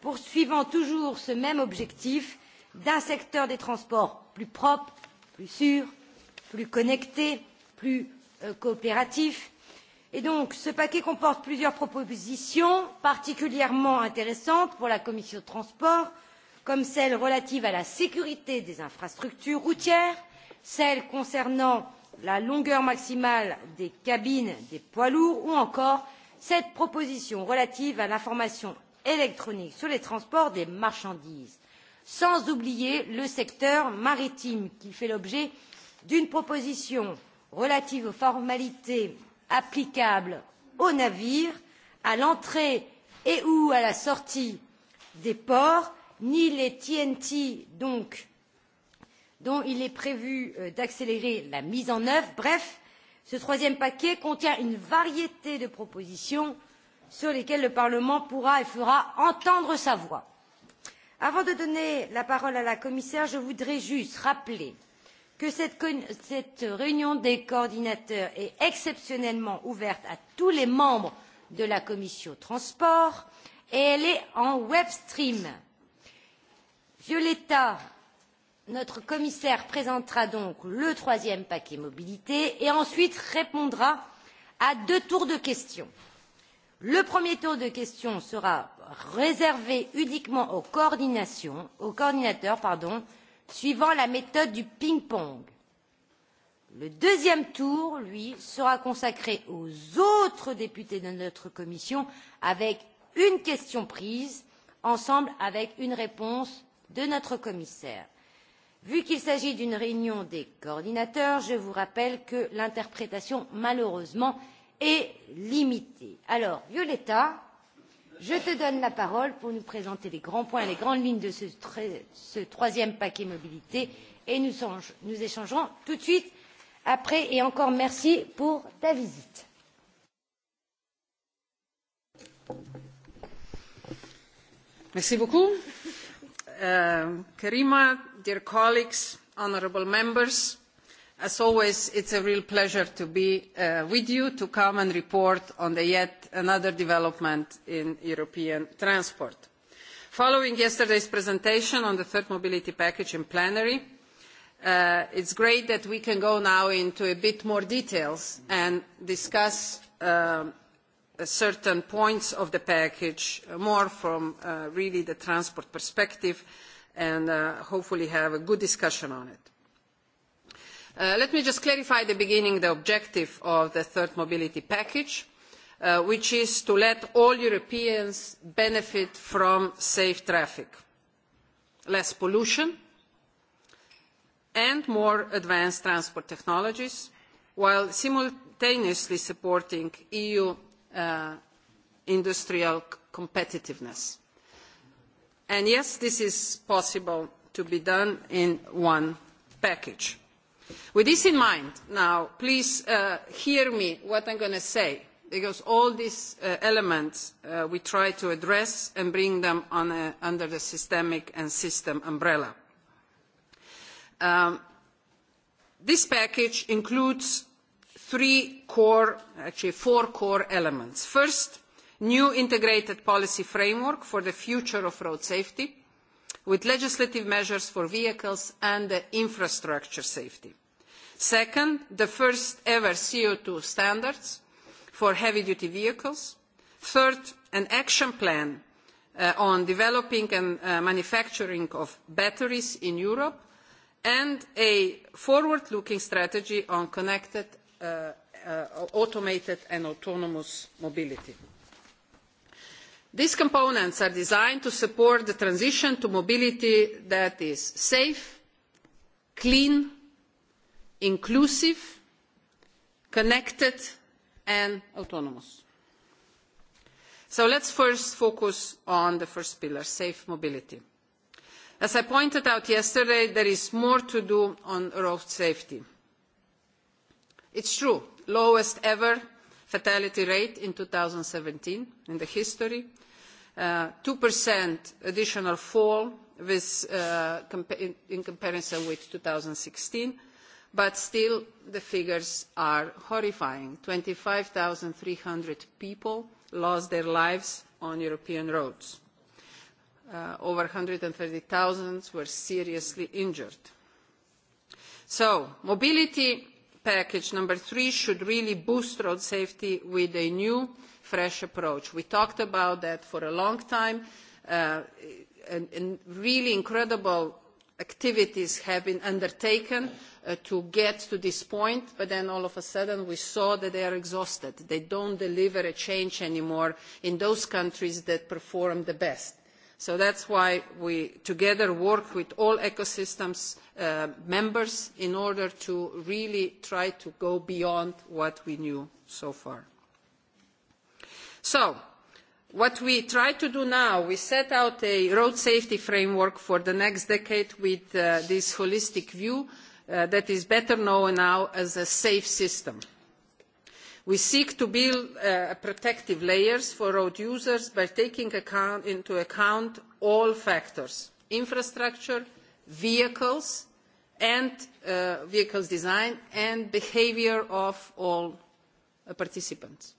poursuivant toujours ce même objectif d'un secteur des transports plus propre plus sûr plus connecté plus euh, coopératif. Et donc, ce paquet comporte plusieurs propositions particulièrement intéressantes pour la commission des transports comme celle relative à la sécurité des infrastructures routières celle concernant la longueur maximale des cabines des poids lourds ou encore cette proposition relative à l'information électronique sur les transports des marchandises sans oublier le secteur maritime qui fait l'objet d'une proposition relative aux formalités applicables aux navires à l'entrée et ou à la sortie des ports ni les TNT donc dont il est prévu euh, d'accélérer la mise en œuvre. Bref, ce troisième paquet contient une variété de propositions sur lesquels le Parlement pourra et fera entendre sa voix. Avant de donner la parole à la commissaire, je voudrais juste rappeler que cette, réunion des coordinateurs est exceptionnellement ouverte à tous les membres de la commission transport et elle est en web stream. l'État, notre commissaire, présentera donc le troisième paquet mobilité et ensuite répondra à deux tours de questions le premier tour de questions sera réservé uniquement aux, aux coordinateurs pardon, suivant la méthode du ping pong. le deuxième tour lui sera consacré aux autres députés de notre commission avec une question prise ensemble avec une réponse de notre commissaire. vu qu'il s'agit d'une réunion des coordinateurs je vous rappelle que l'interprétation malheureusement est limitée. Alors, Violetta, je te donne la parole pour nous présenter les grands points, et les grandes lignes de ce, ce troisième paquet mobilité et nous, nous échangerons tout de suite après et encore merci pour ta visite. Merci beaucoup. Euh, Karima, dear colleagues, honourable members, As always, it is a real pleasure to be uh, with you to come and report on the yet another development in European transport. Following yesterday's presentation on the third mobility package in plenary, uh, it is great that we can go now into a bit more details and discuss uh, certain points of the package more from really the transport perspective and hopefully have a good discussion on it. Uh, let me just clarify at the beginning the objective of the third mobility package, uh, which is to let all Europeans benefit from safe traffic, less pollution and more advanced transport technologies, while simultaneously supporting EU uh, industrial competitiveness. And yes, this is possible to be done in one package With this in mind, now, please uh, hear me what am going to say, because all these uh, elements uh, we try to address and bring them under the systemic and system umbrella. Um, this package includes three core, actually four core elements. First, new integrated policy framework for the future of road safety, with legislative measures for vehicles and infrastructure safety. Second, the first ever CO2 standards for heavy-duty vehicles. Third, an action plan uh, on developing and uh, manufacturing of batteries in Europe and a forward-looking strategy on connected, uh, automated and autonomous mobility. These components are designed to support the transition to mobility that is safe, clean, inclusive connected and autonomous. so let us first focus on the first pillar safe mobility. as i pointed out yesterday there is more to do on road safety. it is true the lowest ever fatality rate in two thousand and seventeen in the history uh, two uh, additional fall with, uh, in comparison with two thousand and sixteen but still the figures are horrifying twenty five three hundred people lost their lives on european roads uh, over one hundred and thirty zero were seriously injured. so mobility package number three should really boost road safety with a new fresh approach. we talked about that for a long time uh, and really incredible activities have been undertaken uh, to get to this point but then all of a sudden we saw that they are exhausted they don't deliver a change anymore in those countries that perform the best so that's why we together work with all ecosystems uh, members in order to really try to go beyond what we knew so far so What we try to do now, we set out a road safety framework for the next decade with uh, this holistic view uh, that is better known now as a safe system. We seek to build uh, protective layers for road users by taking into account all factors, infrastructure, vehicles, and vehicles design and behaviour of all participants,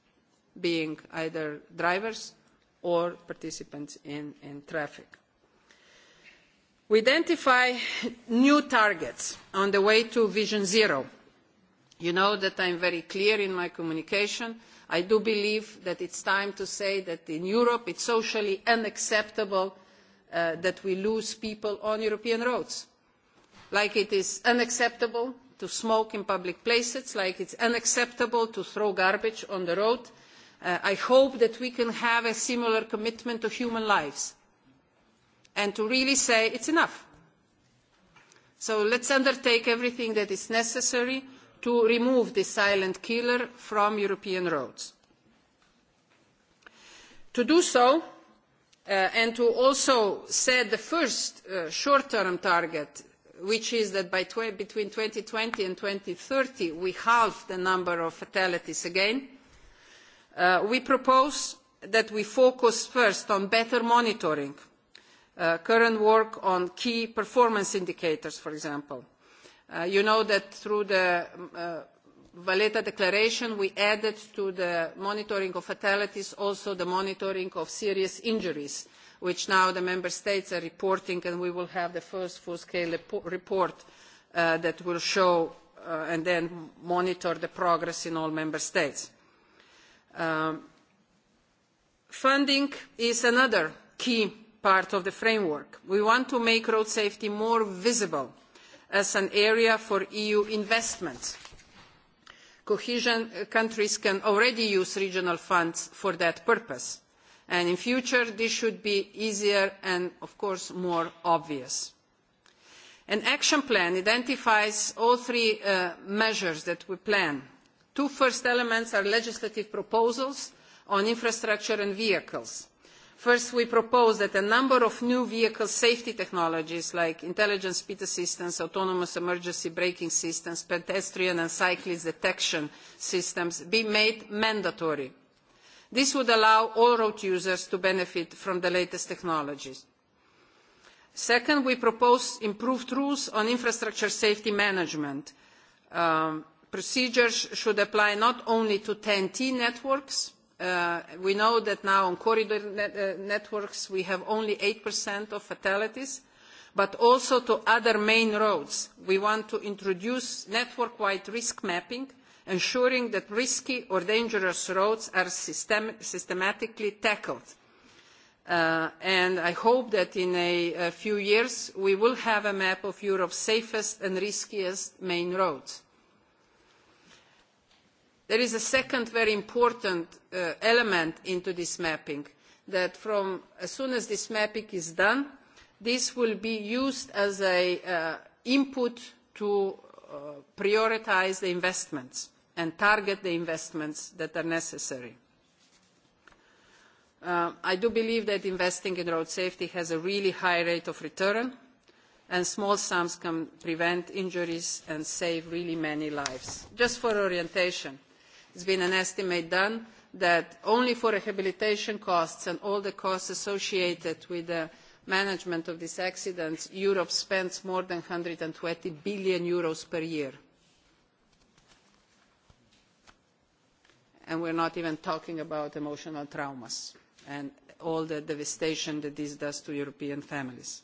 being either drivers, or participants in, traffic. We identify new targets on the way to Vision Zero. You know that I am very clear in my communication. I do believe that it is time to say that in Europe it is socially unacceptable uh, that we lose people on European roads. Like it is unacceptable to smoke in public places, like it is unacceptable to throw garbage on the road, Uh, I hope that we can have a similar commitment to human lives and to really say it's enough. So let's undertake everything that is necessary to remove this silent killer from European roads. To do so, uh, and to also set the first uh, short-term target, which is that by tw between 2020 and 2030 we halve the number of fatalities again, Uh, we propose that we focus first on better monitoring, uh, current work on key performance indicators, for example. Uh, you know that through the um, Valletta Declaration, we added to the monitoring of fatalities also the monitoring of serious injuries, which now the member states are reporting, and we will have the first full-scale report that will show and then monitor the progress in all member states. Um, funding is another key part of the framework. We want to make road safety more visible as an area for EU investment. Cohesion countries can already use regional funds for that purpose, and in future this should be easier and, of course, more obvious. An action plan identifies all three uh, measures that we plan two first elements are legislative proposals on infrastructure and vehicles. First, we propose that a number of new vehicle safety technologies like intelligent speed assistance, autonomous emergency braking systems, pedestrian and cyclist detection systems be made mandatory. This would allow all road users to benefit from the latest technologies. Second, we propose improved rules on infrastructure safety management. Um, procedures should apply not only to TEN-T networks. Uh, we know that now on corridor uh, networks we have only 8% of fatalities, but also to other main roads. We want to introduce network-wide risk mapping, ensuring that risky or dangerous roads are systematically tackled. Uh, and I hope that in a few years we will have a map of Europe's safest and riskiest main roads There is a second very important uh, element into this mapping that from as soon as this mapping is done, this will be used as an uh, input to uh, prioritise the investments and target the investments that are necessary. I do believe that investing in road safety has a really high rate of return and small sums can prevent injuries and save really many lives. Just for orientation has been an estimate done that only for rehabilitation costs and all the costs associated with the management of these accidents europe spends more than eur one hundred and twenty billion Euros per year and we are not even talking about emotional traumas and all the devastation that this does to european families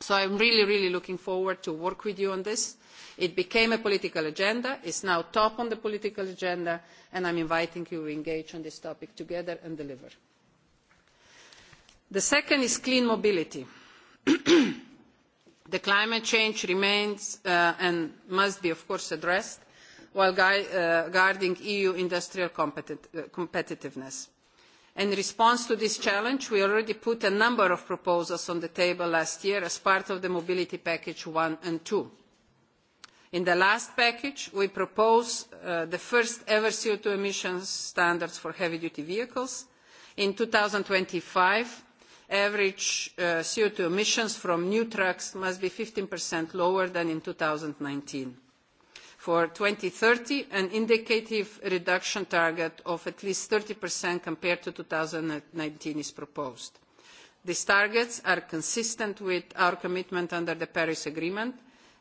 so i am really really looking forward to working with you on this. it became a political agenda it is now top on the political agenda and i am inviting you to engage on this topic together and deliver. the second is clean mobility. the climate change remains uh, and must be of course addressed while uh, guarding eu industrial uh, competitiveness In response to this challenge, we already put a number of proposals on the table last year as part of the Mobility Package one and two. In the last package, we proposed uh, the first ever co two emissions standards for heavy-duty vehicles. In twenty five, average uh, co two emissions from new trucks must be fifteen lower than in nineteen for 2030 an indicative reduction target of at least 30% compared to 2019 is proposed. These targets are consistent with our commitment under the Paris Agreement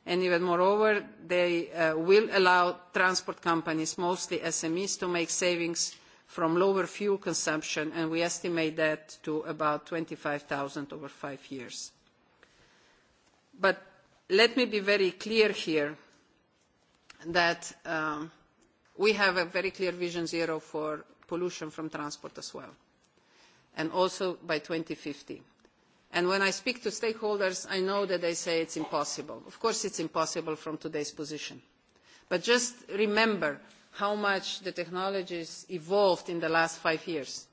and even moreover they uh, will allow transport companies, mostly SMEs, to make savings from lower fuel consumption and we estimate that to about 25,000 over five years. But let me be very clear here that um, we have a very clear vision zero for pollution from transport as well, and also by 2050. And when I speak to stakeholders, I know that they say it's impossible. Of course, it's impossible from today's position. But just remember how much the technologies evolved in the last five years.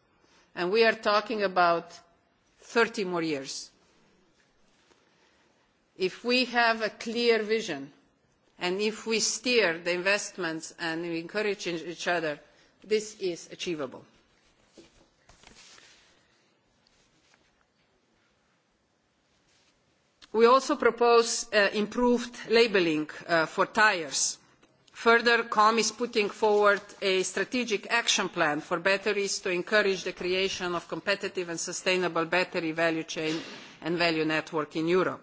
And we are talking about 30 more years. If we have a clear vision and if we steer the investments and we encourage each other this is achievable. we also propose uh, improved labelling uh, for tyres. further com is putting forward a strategic action plan for batteries to encourage the creation of competitive and sustainable battery value chain and value network in europe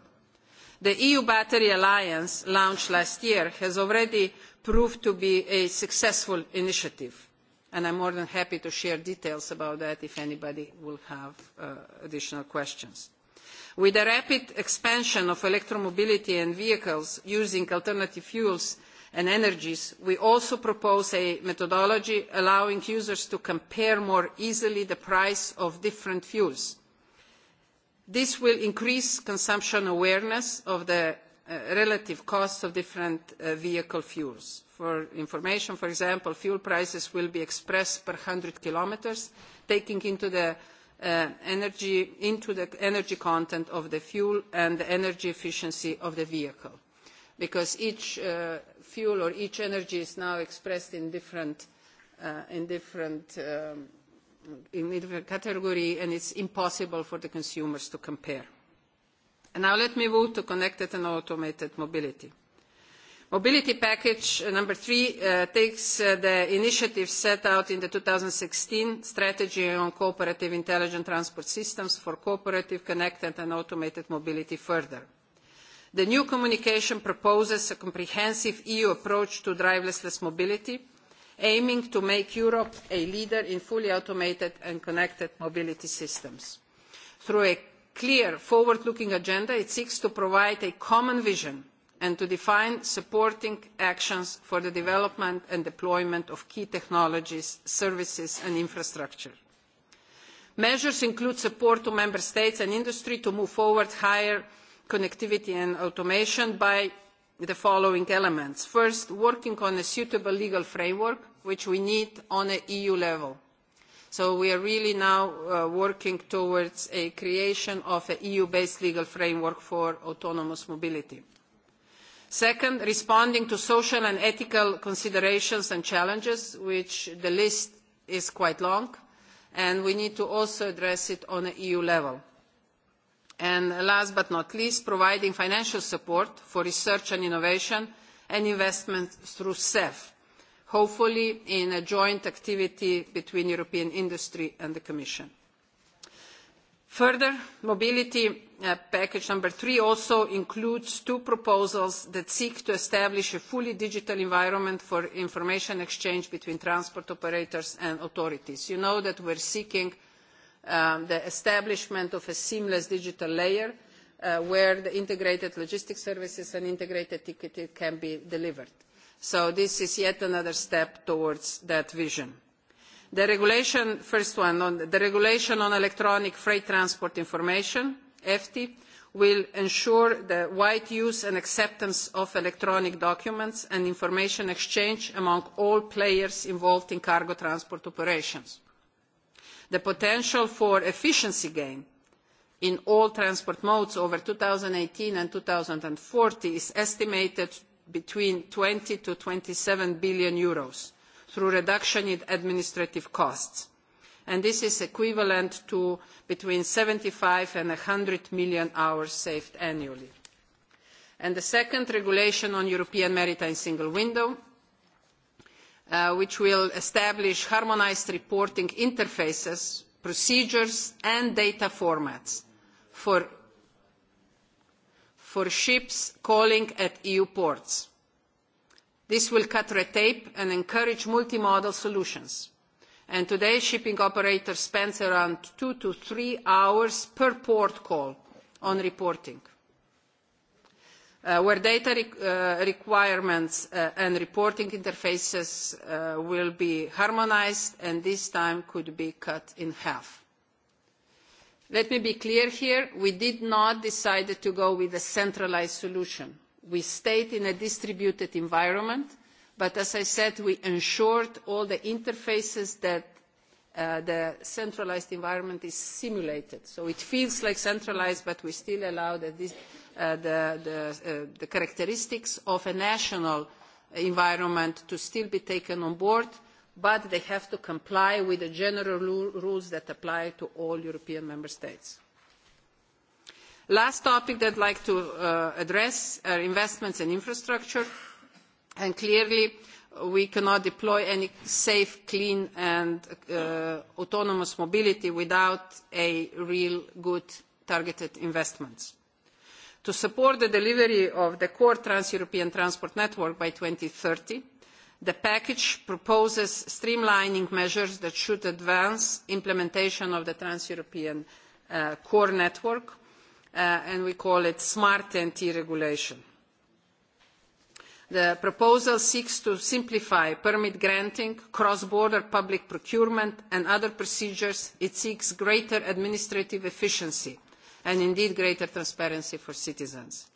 the eu battery alliance launched last year has already proved to be a successful initiative and i am more than happy to share details about that if anybody will have uh, additional questions. with the rapid expansion of electromobility and vehicles using alternative fuels and energies we also propose a methodology allowing users to compare more easily the price of different fuels This will increase consumption awareness of the uh, relative costs of different uh, vehicle fuels. For information, for example, fuel prices will be expressed per 100 kilometers, taking into the uh, energy into the energy content of the fuel and the energy efficiency of the vehicle because each fuel or each energy is now expressed in different, um, in individual category and it's impossible for the consumers to compare. And now let me move to connected and automated mobility. Mobility package uh, number three uh, takes uh, the initiative set out in the 2016 strategy on cooperative intelligent transport systems for cooperative, connected and automated mobility further. The new communication proposes a comprehensive EU approach to driverless mobility aiming to make Europe a leader in fully automated and connected mobility systems. Through a clear forward looking agenda, it seeks to provide a common vision and to define supporting actions for the development and deployment of key technologies, services and infrastructure. Measures include support to Member States and industry to move forward higher connectivity and automation by the following elements first working on a suitable legal framework which we need on an eu level so we are really now uh, working towards a creation of an eu based legal framework for autonomous mobility second responding to social and ethical considerations and challenges which the list is quite long and we need to also address it on an eu level and last but not least providing financial support for research and innovation and investment through cef hopefully in a joint activity between european industry and the commission. further mobility uh, package number three also includes two proposals that seek to establish a fully digital environment for information exchange between transport operators and authorities. you know that we are seeking Um, the establishment of a seamless digital layer uh, where the integrated logistics services and integrated ticketing can be delivered. So this is yet another step towards that vision. The regulation, first one, on the regulation on electronic freight transport information, EFTI, will ensure the wide use and acceptance of electronic documents and information exchange among all players involved in cargo transport operations the potential for efficiency gain in all transport modes over thousand and forty is estimated between EUR twenty to twenty seven billion through reduction in administrative costs and this is equivalent to between seventy five and one hundred million hours saved annually and the second regulation on european maritime single window Uh, which will establish harmonised reporting interfaces, procedures and data formats for, for ships calling at EU ports. This will cut red tape and encourage multimodal solutions. And today, shipping operators spend around two to three hours per port call on reporting. Uh, where data uh, requirements uh, and reporting interfaces will be harmonised and this time could be cut in half. Let me be clear here, we did not decide to go with a centralised solution. We stayed in a distributed environment, but as I said, we ensured all the interfaces that the centralised environment is simulated. So it feels like centralised, but we still allow that this Uh, the, the, uh, the characteristics of a national environment to still be taken on board but they have to comply with the general rules that apply to all european member states. last topic that i would like to uh, address are investments in infrastructure and clearly we cannot deploy any safe clean and autonomous mobility without a real good targeted investments to support the delivery of the core trans-European transport network by 2030, the package proposes streamlining measures that should advance implementation of the trans-European uh, core network, uh, and we call it smart TEN-T regulation. The proposal seeks to simplify permit granting, cross-border public procurement and other procedures. It seeks greater administrative efficiency and indeed greater transparency for citizens.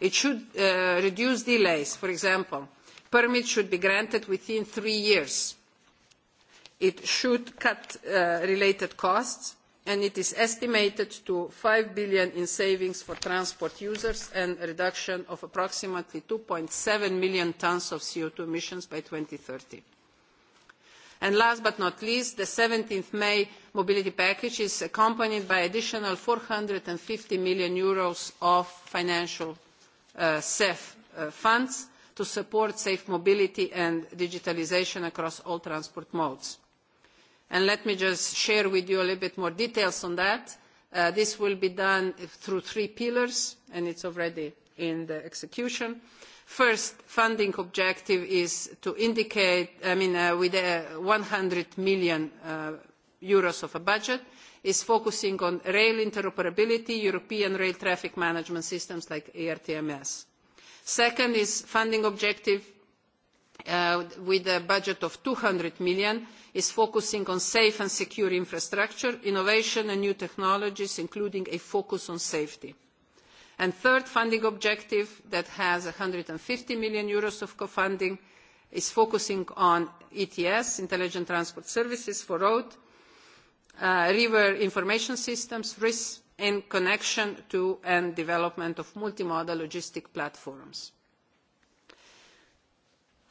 It should uh, reduce delays. For example, permits should be granted within three years. It should cut uh, related costs and it is estimated to 5 billion in savings for transport users and a reduction of approximately 2.7 million tonnes of CO2 emissions by 2030 and last but not least the 17 may mobility package is accompanied by an additional eur four hundred and fifty million of financial cef uh, uh, funds to support safe mobility and digitalisation across all transport modes. let me just share with you a little bit more details on that. Uh, this will be done through three pillars and it is already in the execution First funding objective is to indicate, I mean, uh, with a uh, 100 million uh, euros of a budget, is focusing on rail interoperability, European rail traffic management systems like ERTMS. Second is funding objective with a budget of 200 million is focusing on safe and secure infrastructure, innovation and new technologies, including a focus on safety and third funding objective that has eur one hundred and fifty million of co funding is focusing on ets intelligent transport services for road uh, river information systems risks in connection to and development of multimodal logistic platforms.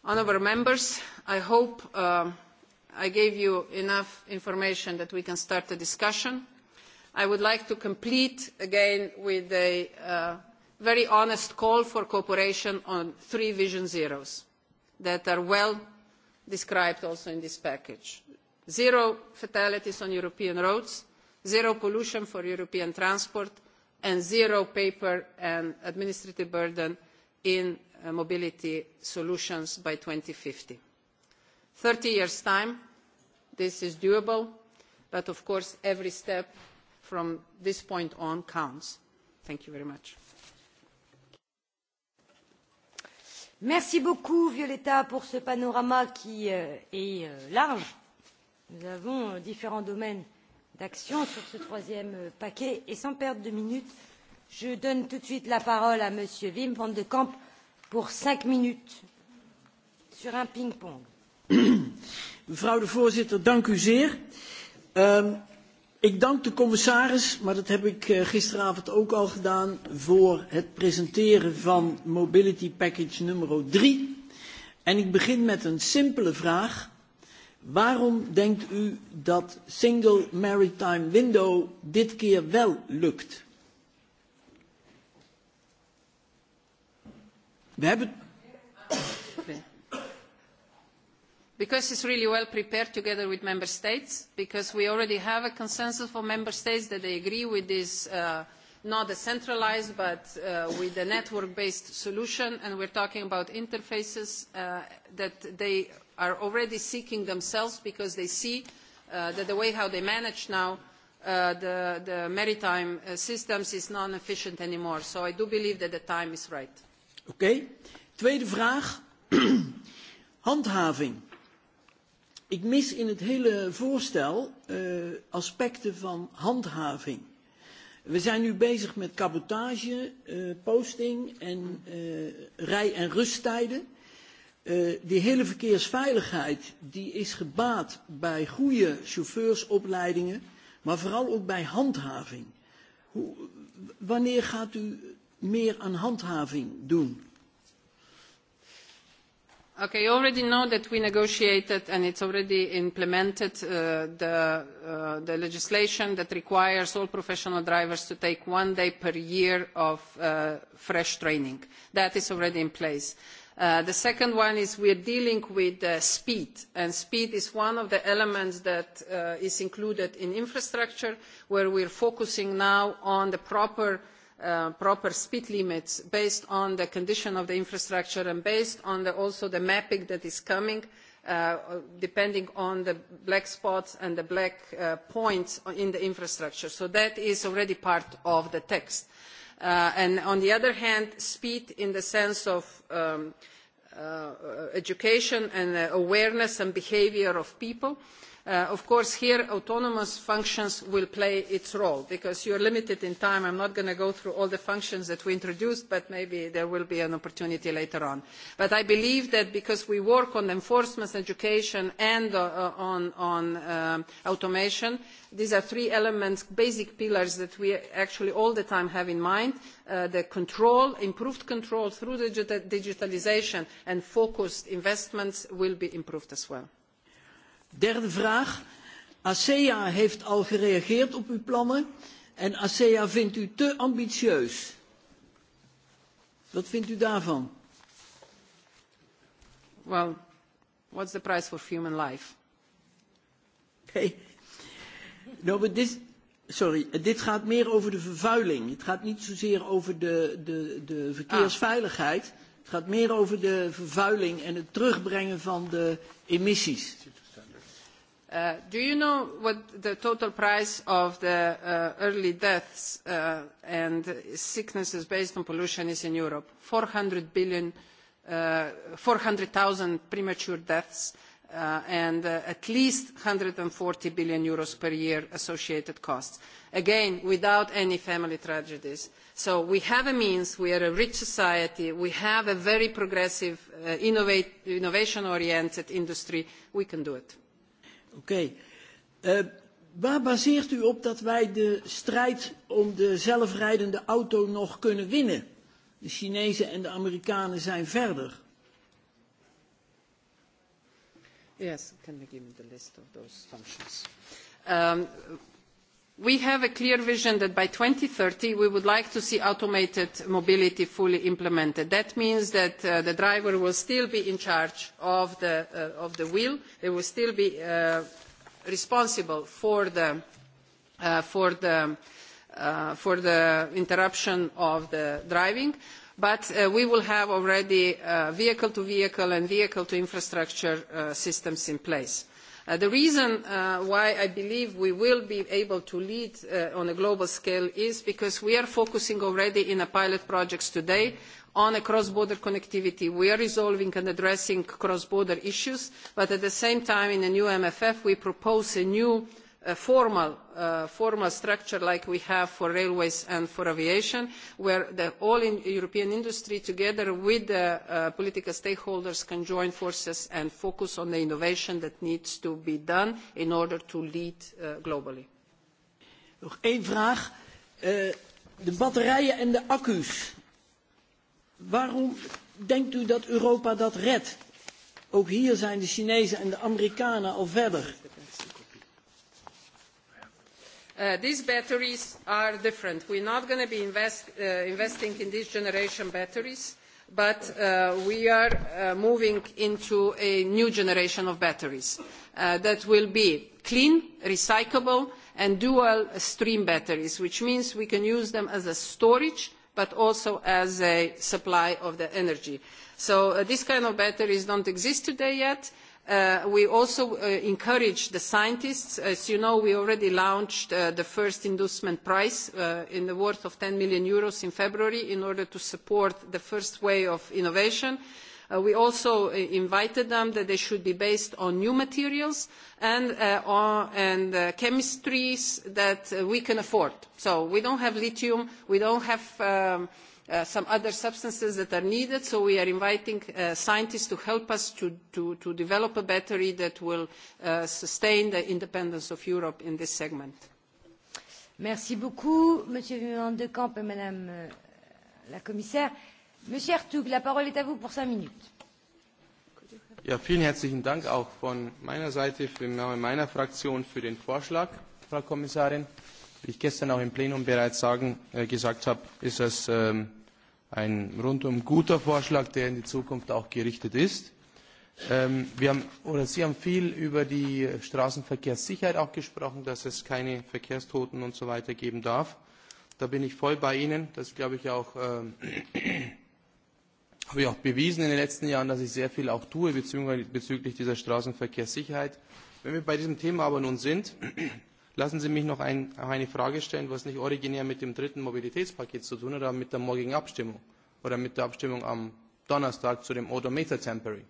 honourable members i hope uh, i gave you enough information that we can start a discussion i would like to complete again with a uh, very honest call for cooperation on three vision zeros that are well described also in this package. Zero fatalities on European roads, zero pollution for European transport, and zero paper and administrative burden in uh, mobility solutions by 2050. Thirty years' time, this is doable, but of course every step from this point on counts. Thank you very much. Merci beaucoup Violetta pour ce panorama qui euh, est euh, large. Nous avons euh, différents domaines d'action sur ce troisième paquet et sans perdre de minutes, je donne tout de suite la parole à Monsieur Wim van de Kamp pour cinq minutes sur un ping-pong. Mevrouw de voorzitter, dank u zeer. Ehm, Ik dank de commissaris, maar dat heb ik eh, gisteravond ook al gedaan, voor het presenteren van Mobility Package nummer 3. En ik begin met een simpele vraag. Waarom denkt u dat Single Maritime Window dit keer wel lukt? We hebben because it is really well prepared together with member states because we already have a consensus for member states that they agree with this uh, not a centralised but uh, with a network based solution and we are talking about interfaces uh, that they are already seeking themselves because they see that the way how they manage now the, the maritime systems is non efficient anymore so i do believe that the time is right. Okay. tweede vraag handhaving. Ik mis in het hele voorstel eh, aspecten van handhaving. We zijn nu bezig met cabotage, eh, posting en eh, rij- en rusttijden. Die hele verkeersveiligheid die is gebaat bij goede chauffeursopleidingen, maar vooral ook bij handhaving. Hoe, wanneer gaat u meer aan handhaving doen? Okay, you already know that we negotiated and it's already implemented uh, the, uh, the legislation that requires all professional drivers to take one day per year of uh, fresh training. That is already in place. The second one is we are dealing with speed and speed is one of the elements that is included in infrastructure where we are focusing now on the proper Uh, proper speed limits based on the condition of the infrastructure and based on also the mapping that is coming uh, depending on the black spots and the black uh, points in the infrastructure. So that is already part of the text. And on the other hand, speed in the sense of um, education and awareness and behaviour of people Uh, of course here autonomous functions will play its role because you are limited in time i am not going to go through all the functions that we introduced but maybe there will be an opportunity later on. but i believe that because we work on enforcement education and uh, uh, on, automation these are three elements basic pillars that we actually all the time have in mind the control improved control through digitalisation and focused investments will be improved as well. Derde vraag. ASEA heeft al gereageerd op uw plannen en ASEA vindt u te ambitieus. Wat vindt u daarvan? Well, what's the price for human life? hey. No, but this, sorry, dit gaat meer over de vervuiling. Het gaat niet zozeer over de, de, de ah. verkeersveiligheid. Het gaat meer over de vervuiling en het terugbrengen van de emissies. Uh, do you know what the total price of the uh, early deaths uh, and sicknesses based on pollution is in Europe? 400 billion, 400,000 premature deaths and at least 140 billion euros per year associated costs. Again, without any family tragedies. So we have a means, we are a rich society, we have a very progressive, innovation-oriented industry, we can do it. Oké. Okay. Uh, eh, waar baseert u op dat wij de strijd om de zelfrijdende auto nog kunnen winnen? De Chinezen en de Amerikanen zijn verder. Yes, can we give me the list of those functions? Um, we have a clear vision that by two thousand and thirty we would like to see automated mobility fully implemented. that means that uh, the driver will still be in charge of the, uh, wheel they will still be uh, responsible for the, for the interruption of the driving but we will have already vehicle to vehicle and vehicle to infrastructure systems in place Uh, the reason uh, why I believe we will be able to lead uh, on a global scale is because we are focusing already in pilot projects today on cross-border connectivity. We are resolving and addressing cross-border issues, but at the same time in the new MFF we propose a new a formal, structure like we have for railways and for aviation, where all European industry together with the uh, political stakeholders can join forces and focus on the innovation that needs to be done in order to lead uh, globally. Nog één vraag. Eh, de batterijen en de accu's. Waarom denkt u dat Europa dat red? Ook hier zijn de Chinezen en de Amerikanen al verder Uh, these batteries are different. we are not going to be uh, investing in this generation batteries but uh, we are moving into a new generation of batteries that will be clean recyclable and dual stream batteries which means we can use them as a storage but also as a supply of the energy. so this kind of batteries do not exist today yet. Uh, we also uh, encourage the scientists. As you know, we already launched uh, the first inducement prize in the worth of 10 million euros in February in order to support the first way of innovation. We also invited them that they should be based on new materials and, on, and chemistries that we can afford. So we don't have lithium, we don't have um, Uh, some other substances that are needed so we are inviting uh, scientists to help us to, to, develop a battery that will uh, sustain the independence of europe in this segment. merci beaucoup monsieur van de camp et madame euh, la commissaire. monsieur ertug la parole est à vous pour cinq minutes. Ja, vielen herzlichen dank auch von meiner seite im namen meiner fraktion für den vorschlag frau kommissarin. wie ich gestern auch im plenum bereits sagen, äh, gesagt habe ist es ähm, ein rundum guter Vorschlag, der in die Zukunft auch gerichtet ist. Ähm, wir haben, oder Sie haben viel über die Straßenverkehrssicherheit auch gesprochen, dass es keine Verkehrstoten und so weiter geben darf. Da bin ich voll bei Ihnen. Das glaube ich auch, ähm, habe ich auch bewiesen in den letzten Jahren, dass ich sehr viel auch tue bezüglich dieser Straßenverkehrssicherheit. Wenn wir bei diesem Thema aber nun sind, Lassen Sie mich noch eine Frage stellen, was nicht originär mit dem dritten Mobilitätspaket zu tun hat, aber mit der morgigen Abstimmung oder mit der Abstimmung am Donnerstag zu dem Odometer Temporary.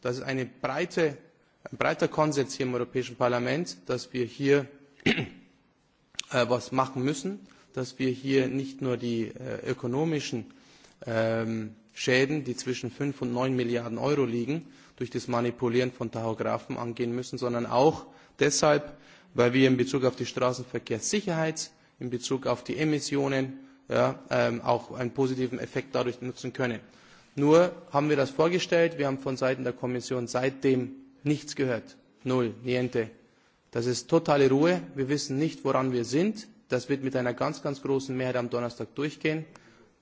Das ist eine breite, ein breiter Konsens hier im Europäischen Parlament, dass wir hier etwas äh, machen müssen, dass wir hier nicht nur die äh, ökonomischen ähm, Schäden, die zwischen 5 und 9 Milliarden Euro liegen, durch das Manipulieren von Tachographen angehen müssen, sondern auch deshalb, weil wir in bezug auf die straßenverkehrssicherheit in bezug auf die emissionen ähm, auch einen positiven effekt dadurch nutzen können. nur haben wir das vorgestellt wir haben von seiten der kommission seitdem nichts gehört null niente. das ist totale ruhe wir wissen nicht woran wir sind das wird mit einer ganz ganz großen mehrheit am donnerstag durchgehen.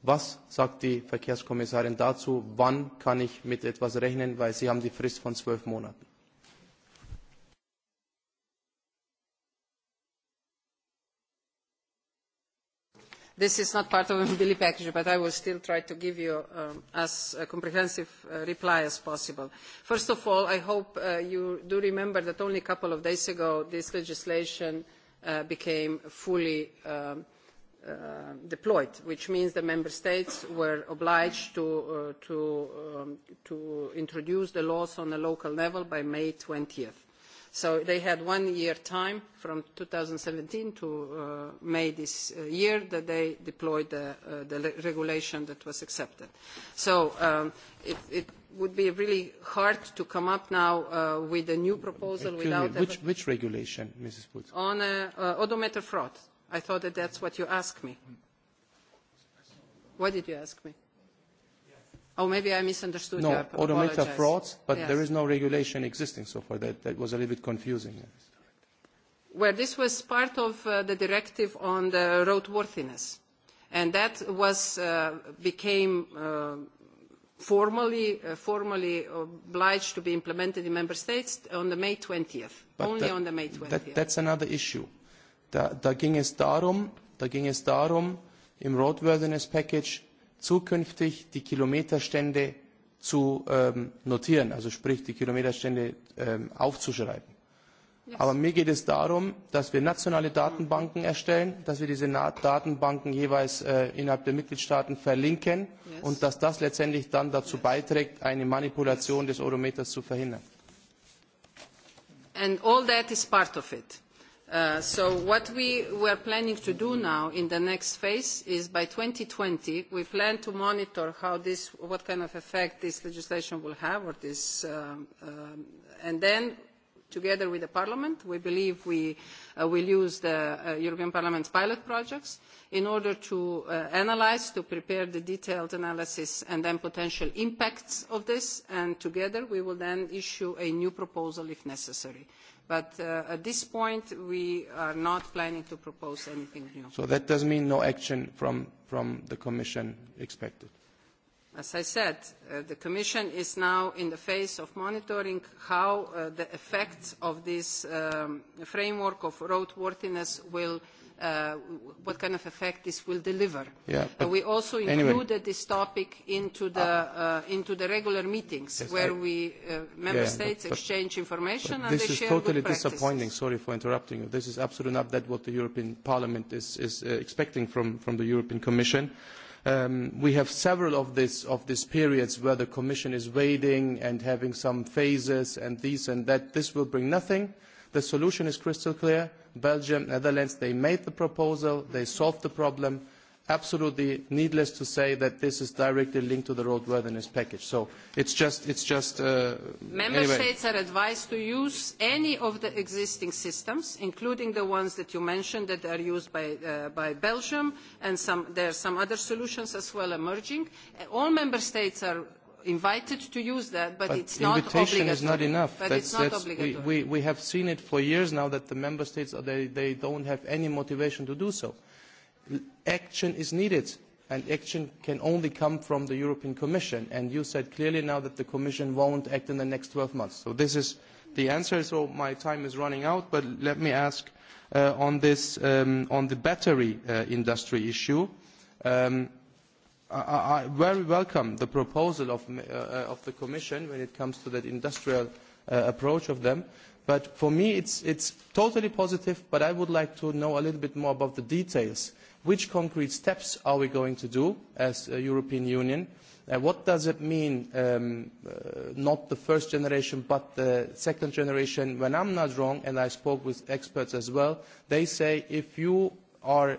was sagt die verkehrskommissarin dazu wann kann ich mit etwas rechnen denn sie haben die frist von zwölf monaten? This is not part of the mobility package, but I will still try to give you um, as a uh, comprehensive uh, reply as possible. First of all, I hope uh, you do remember that only a couple of days ago this legislation became fully um, deployed, which means the Member States were obliged to, to, um, to introduce the laws on a local level by May 20th So they had one year time from 2017 to uh, May this uh, year that they deployed the, uh, regulation that was accepted. So um, it, would be really hard to come up now with a new proposal without... which, regulation, Mrs. Putz? On odometer fraud. I thought that that's what you asked me. What did you ask me? Oh, maybe I misunderstood. No, I odometer frauds, but yes. there is no regulation existing so far. That, that was a little bit confusing. Well, this was part of uh, the directive on the roadworthiness, and that was uh, became uh, formally uh, formally obliged to be implemented in member states on the May 20th. But only that, on the May 20th. That, that's another issue. Da, da ging es darum, da ging es darum im Roadworthiness Package zukünftig die Kilometerstände zu ähm, notieren, also sprich die Kilometerstände ähm, aufzuschreiben. Aber mir geht es darum, dass wir nationale Datenbanken erstellen, dass wir diese Datenbanken jeweils äh, innerhalb der Mitgliedstaaten verlinken und dass das letztendlich dann dazu beiträgt, eine Manipulation des Eurometers zu verhindern. And all that is part of it. Uh, so what we were planning to do now in the next phase is by 2020 we plan to monitor how this what kind of effect this legislation will have or this um, um, and then together with the parliament we believe we uh, will use the uh, European Parliament's pilot projects in order to analyze to prepare the detailed analysis and then potential impacts of this and together we will then issue a new proposal if necessary But uh, at this point, we are not planning to propose anything new. So that does mean no action from, from the Commission expected? As I said, uh, the Commission is now in the phase of monitoring how uh, the effects of this um, framework of roadworthiness will uh, what kind of effect this will deliver. Yeah, uh, we also included anyway. this topic into the, uh, uh, into the regular meetings yes, where I, we, uh, member yeah, states but, exchange information and they share This is totally good disappointing. Sorry for interrupting you. This is absolutely not that what the European Parliament is, is uh, expecting from, from the European Commission. Um, we have several of these of this periods where the Commission is waiting and having some phases and these and that. This will bring nothing. The solution is crystal clear belgium and the netherlands they made the proposal they solved the problem absolutely needless to say that this is directly linked to the roadworthiness package. So it's just... It's just uh, Member States are advised to use any of the existing systems, including the ones that you mentioned that are used by, uh, by Belgium, and some, there are some other solutions as well emerging. All Member States are invited to use that, but, but it's not obligatory. Invitation is not enough. But that's, it's not that's, obligatory. We, we have seen it for years now that the member states, uh, they, they don't have any motivation to do so. Action is needed, and action can only come from the European Commission. And you said clearly now that the Commission won't act in the next 12 months. So this is the answer. So my time is running out, but let me ask uh, on this, um, on the battery uh, industry issue. Um, i, I very welcome the proposal of, uh, uh, of the Commission when it comes to that industrial uh, approach of them. But for me, it's, it's totally positive, but I would like to know a little bit more about the details. Which concrete steps are we going to do as a European Union? what does it mean, um, not the first generation, but the second generation? When I'm not wrong, and I spoke with experts as well, they say if you are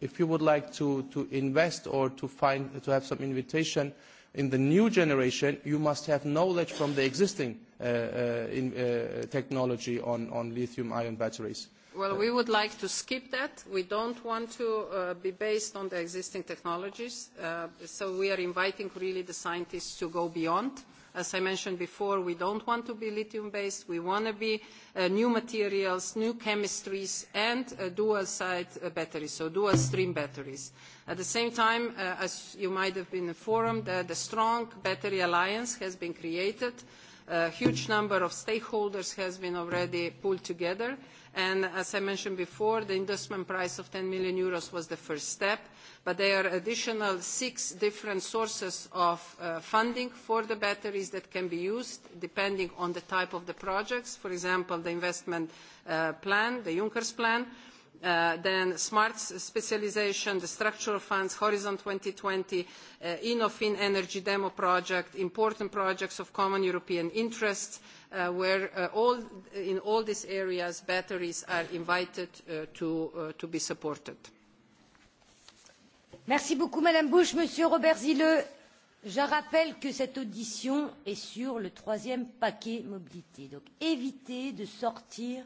if you would like to, to invest or to, find, to have some invitation in the new generation, you must have knowledge from the existing uh, uh, uh, technology on, on lithium-ion batteries. Well, we would like to skip that. We don't want to be based on the existing technologies. So we are inviting really the scientists to go beyond As I mentioned before, we don't want to be lithium-based. We want to be uh, new materials, new chemistries, and dual-side uh, batteries, so dual-stream batteries. At the same time, uh, as you might have been informed, the Strong Battery Alliance has been created a huge number of stakeholders has been already pulled together and as i mentioned before the investment price of 10 million euros was the first step but there are additional six different sources of uh, funding for the batteries that can be used depending on the type of the projects for example the investment uh, plan the juncker's plan Uh, then smart specialisation, the structural funds, Horizon 2020, uh, Innofin energy demo project, important projects of common European interest, uh, where in all these areas batteries are invited to, be supported. Merci beaucoup Madame Monsieur Robert Je rappelle que cette audition est sur le troisième paquet mobilité. Donc éviter de sortir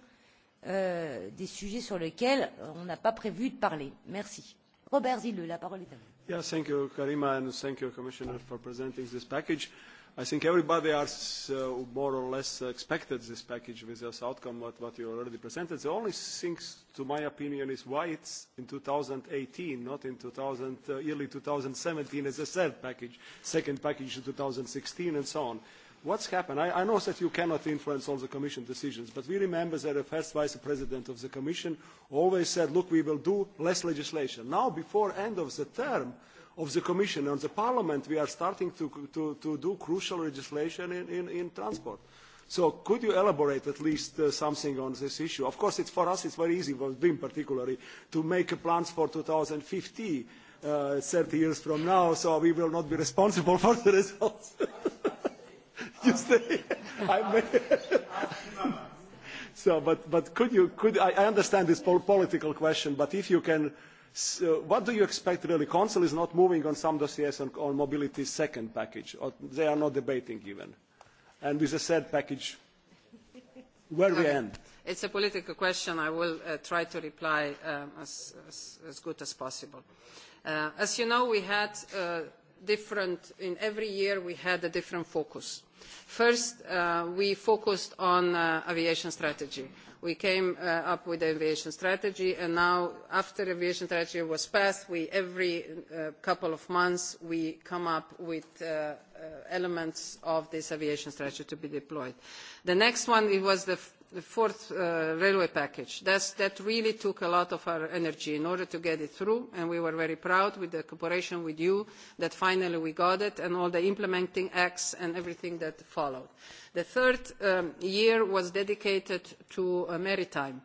Euh, des sujets sur lesquels on n'a pas prévu de parler. Merci. Robert Zille, la parole est à vous. Yeah, thank you, Karima, and thank you, Commissioner, for presenting this package. I think everybody has uh, more or less expected this package with this outcome, what, what you already presented. The only thing, to my opinion, is why it's in 2018, not in 2000, uh, early 2017 as a third package, second package in 2016, and so on. What's happened? I, I know that you cannot influence all the Commission decisions, but we remember that the first Vice President of the Commission always said, look, we will do less legislation. Now, before end of the term of the Commission and the Parliament, we are starting to, to, to do crucial legislation in, in, in transport. So could you elaborate at least uh, something on this issue? Of course, it's, for us it's very easy, for BIM particularly, to make plans for 2050, uh, 30 years from now, so we will not be responsible for the results you stay. I may... so, but, but could you, could, I, I understand this political question, but if you can, so uh, what do you expect really? Council is not moving on some dossiers on, on mobility second package. Or they are not debating even. And with the third package, where we end? It's a political question. I will uh, try to reply um, as, as, as good as possible. Uh, as you know, we had uh, different in every year we had a different focus first uh, we focused on uh, aviation strategy we came uh, up with the aviation strategy and now after aviation strategy was passed we every couple of months we come up with elements of this aviation strategy to be deployed the next one it was the the fourth uh, railway package. that really took a lot of our energy in order to get it through, and we were very proud with the cooperation with you that finally we got it, and all the implementing acts and everything that followed. The third um, year was dedicated to uh, maritime.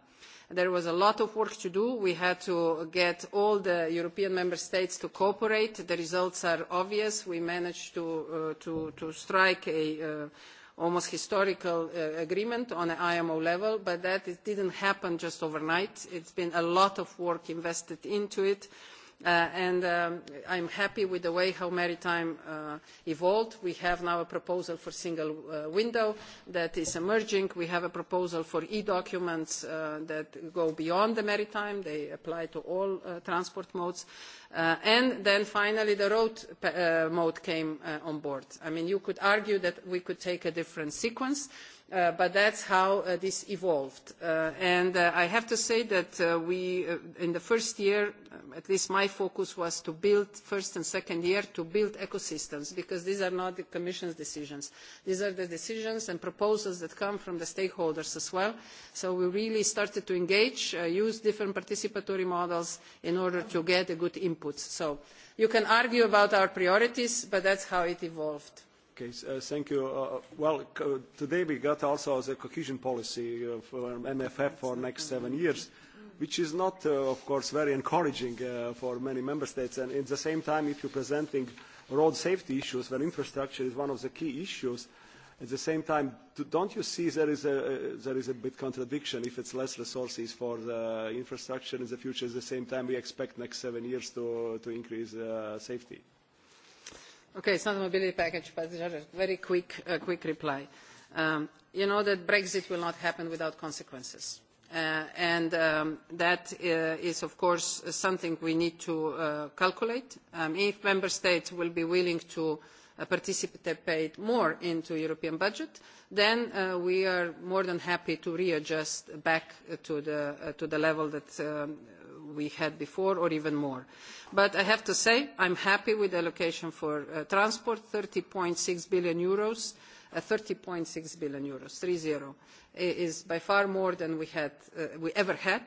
There was a lot of work to do. We had to get all the European member states to cooperate. The results are obvious. We managed to, uh, to strike a almost historical uh, agreement on an IMO level, but that it didn't happen just overnight. It's been a lot of work invested into it Uh, and um, I'm happy with the way how maritime uh, evolved. We have now a proposal for single uh, window that is emerging. We have a proposal for e-documents that go beyond the maritime. They apply to all transport modes. And then finally, the road mode came on board. I mean, you could argue that we could take a different sequence But uh, but that's how uh, this evolved. Uh, and I have to say that we, in the first year, um, at least my focus was to build, first and second year, to build ecosystems, because these are not the Commission's decisions. These are the decisions and proposals that come from the stakeholders as well. So we really started to engage, use different participatory models in order to get a good input. So you can argue about our priorities, but that's how it evolved. Okay, uh, thank you. Uh, well, uh, today we got also the cohesion policy of MFF for next seven years, which is not, of course, very encouraging for many member states. And at the same time, if you're presenting road safety issues where infrastructure is one of the key issues, at the same time, don't you see there is a, there is a bit contradiction if it's less resources for the infrastructure in the future, at the same time we expect next seven years to, to increase safety? Okay, it's not a mobility package, but just a very quick, uh, quick reply. Um, you know that Brexit will not happen without consequences. Uh, and um, that uh, is, of course, something we need to calculate. Um, if member states will be willing to participate more into European budget, then we are more than happy to readjust back to the, to the level that we had before or even more. But I have to say I'm happy with the allocation for uh, transport, 30.6 billion euros, 30.6 uh, billion euros, three is by far more than we, had, uh, we ever had.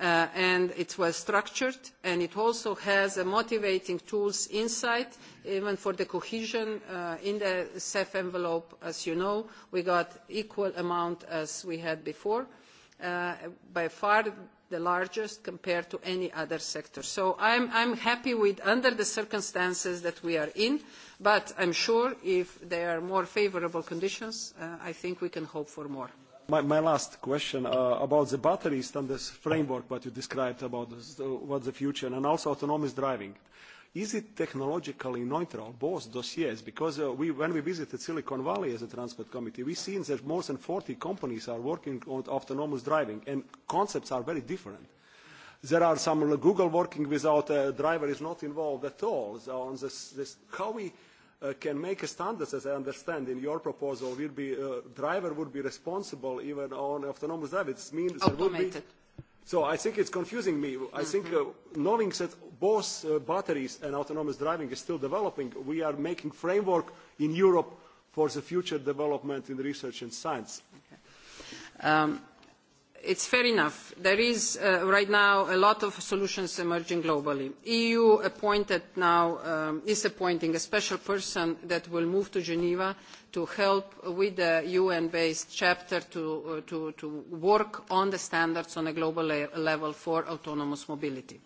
and it was structured and it also has a motivating tools inside even for the cohesion in the cef envelope as you know we got equal amount as we had before by far the largest compared to any other sector. So I'm, I'm happy with under the circumstances that we are in, but I'm sure if there are more favorable conditions, uh, I think we can hope for more. My, my last question uh, about the batteries and this framework what you described about this, the future and also autonomous driving. Is it technologically neutral, both dossiers? Because uh, we, when we visited Silicon Valley as a transport committee, we seen that more than 40 companies are working on autonomous driving, and concepts are very different. There are some like, Google working without a driver is not involved at all. So on this, how we uh, can make a standard, as I understand in your proposal, will be uh, driver would be responsible even on autonomous driving. means automated. would be So I think it's confusing me. I think mm-hmm. uh, knowing that both uh, batteries and autonomous driving is still developing, we are making framework in Europe for the future development in research and science. Um, It's fair enough. There is uh, right now a lot of solutions emerging globally. EU appointed now um, is appointing a special person that will move to Geneva to help with the UN based chapter uh, to, to, work on the standards on a global level for autonomous mobility.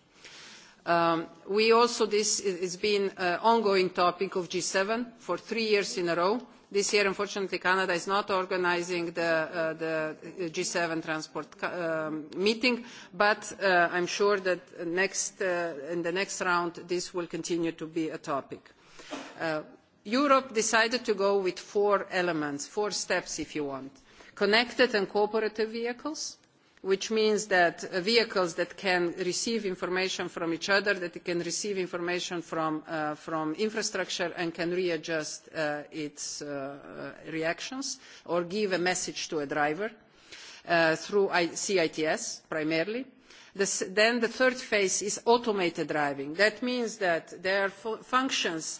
Um, we also this has been an uh, ongoing topic of G7 for three years in a row This year, unfortunately, Canada is not organising the, uh, G7 transport uh, meeting, but uh, I am sure that in the next round, this will continue to be a topic. Europe decided to go with four elements, four steps, if you want. Connected and cooperative vehicles, which means that uh, vehicles that can receive information from each other, that it can receive information from, uh, from infrastructure and can readjust uh, its reactions or give a message to a driver through CITS primarily. then the third phase is automated driving. That means that there are functions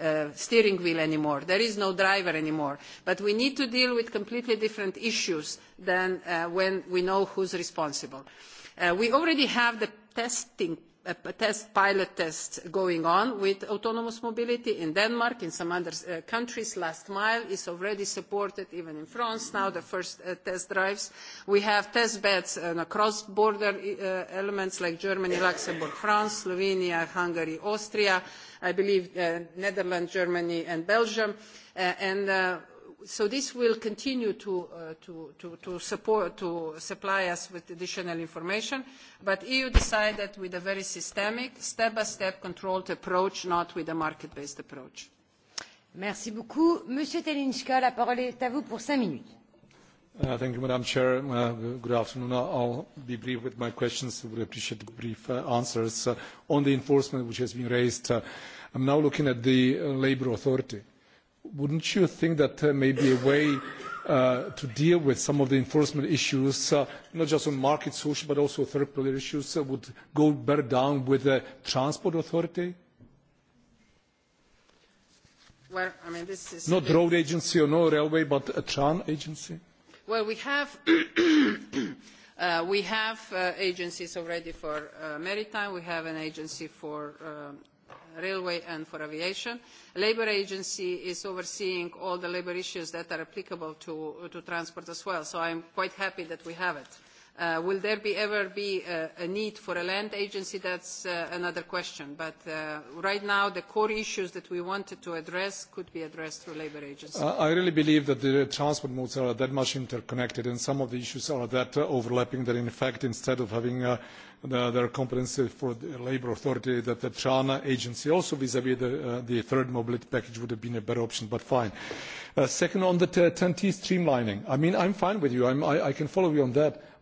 Uh, steering wheel anymore. There is no driver anymore. But we need to deal with completely different issues than uh, when we know who's responsible. Uh, we already have the testing test pilot tests going on with autonomous mobility in denmark in some other uh, countries last mile is already supported even in france now the first uh, test drives we have test beds uh, on cross border e, elements like germany luxembourg france slovenia hungary austria i believe netherlands germany and belgium and So this will continue to, uh, to, to, to support, to supply us with additional information, but EU decided with a very systemic, step-by-step controlled approach, not with a market-based approach. Merci beaucoup. Monsieur Telinska, la parole est à vous pour cinq minutes. Uh, thank you, Madam Chair. Uh, good afternoon. I'll be brief with my questions. I would appreciate the brief uh, answers. Uh, on the enforcement which has been raised, uh, I'm now looking at the Labour Authority wouldn't you think that there may be a way uh, to deal with some of the enforcement issues, uh, not just on market social, but also third pillar issues, would go better down with the transport authority? Well, I mean, this is... Not road agency or no railway, but a tram agency? Well, we have... uh, we have uh, agencies already for uh, maritime. We have an agency for um, railway and for aviation. labour agency is overseeing all the labour issues that are applicable to transport as well so i am quite happy that we have it. Uh, will there be ever be uh, a need for a land agency? That's is uh, another question. But right now, the core issues that we wanted to address could be addressed through Labour agencies. I really believe that the transport modes are that much interconnected, and some of the issues are that overlapping that, in fact, instead of having the, their competency for the Labour authority, that the China agency also vis vis the, third mobility package would have been a better option, but fine. Second, on the TEN-T streamlining. I mean, I'm fine with you. I, I can follow you on that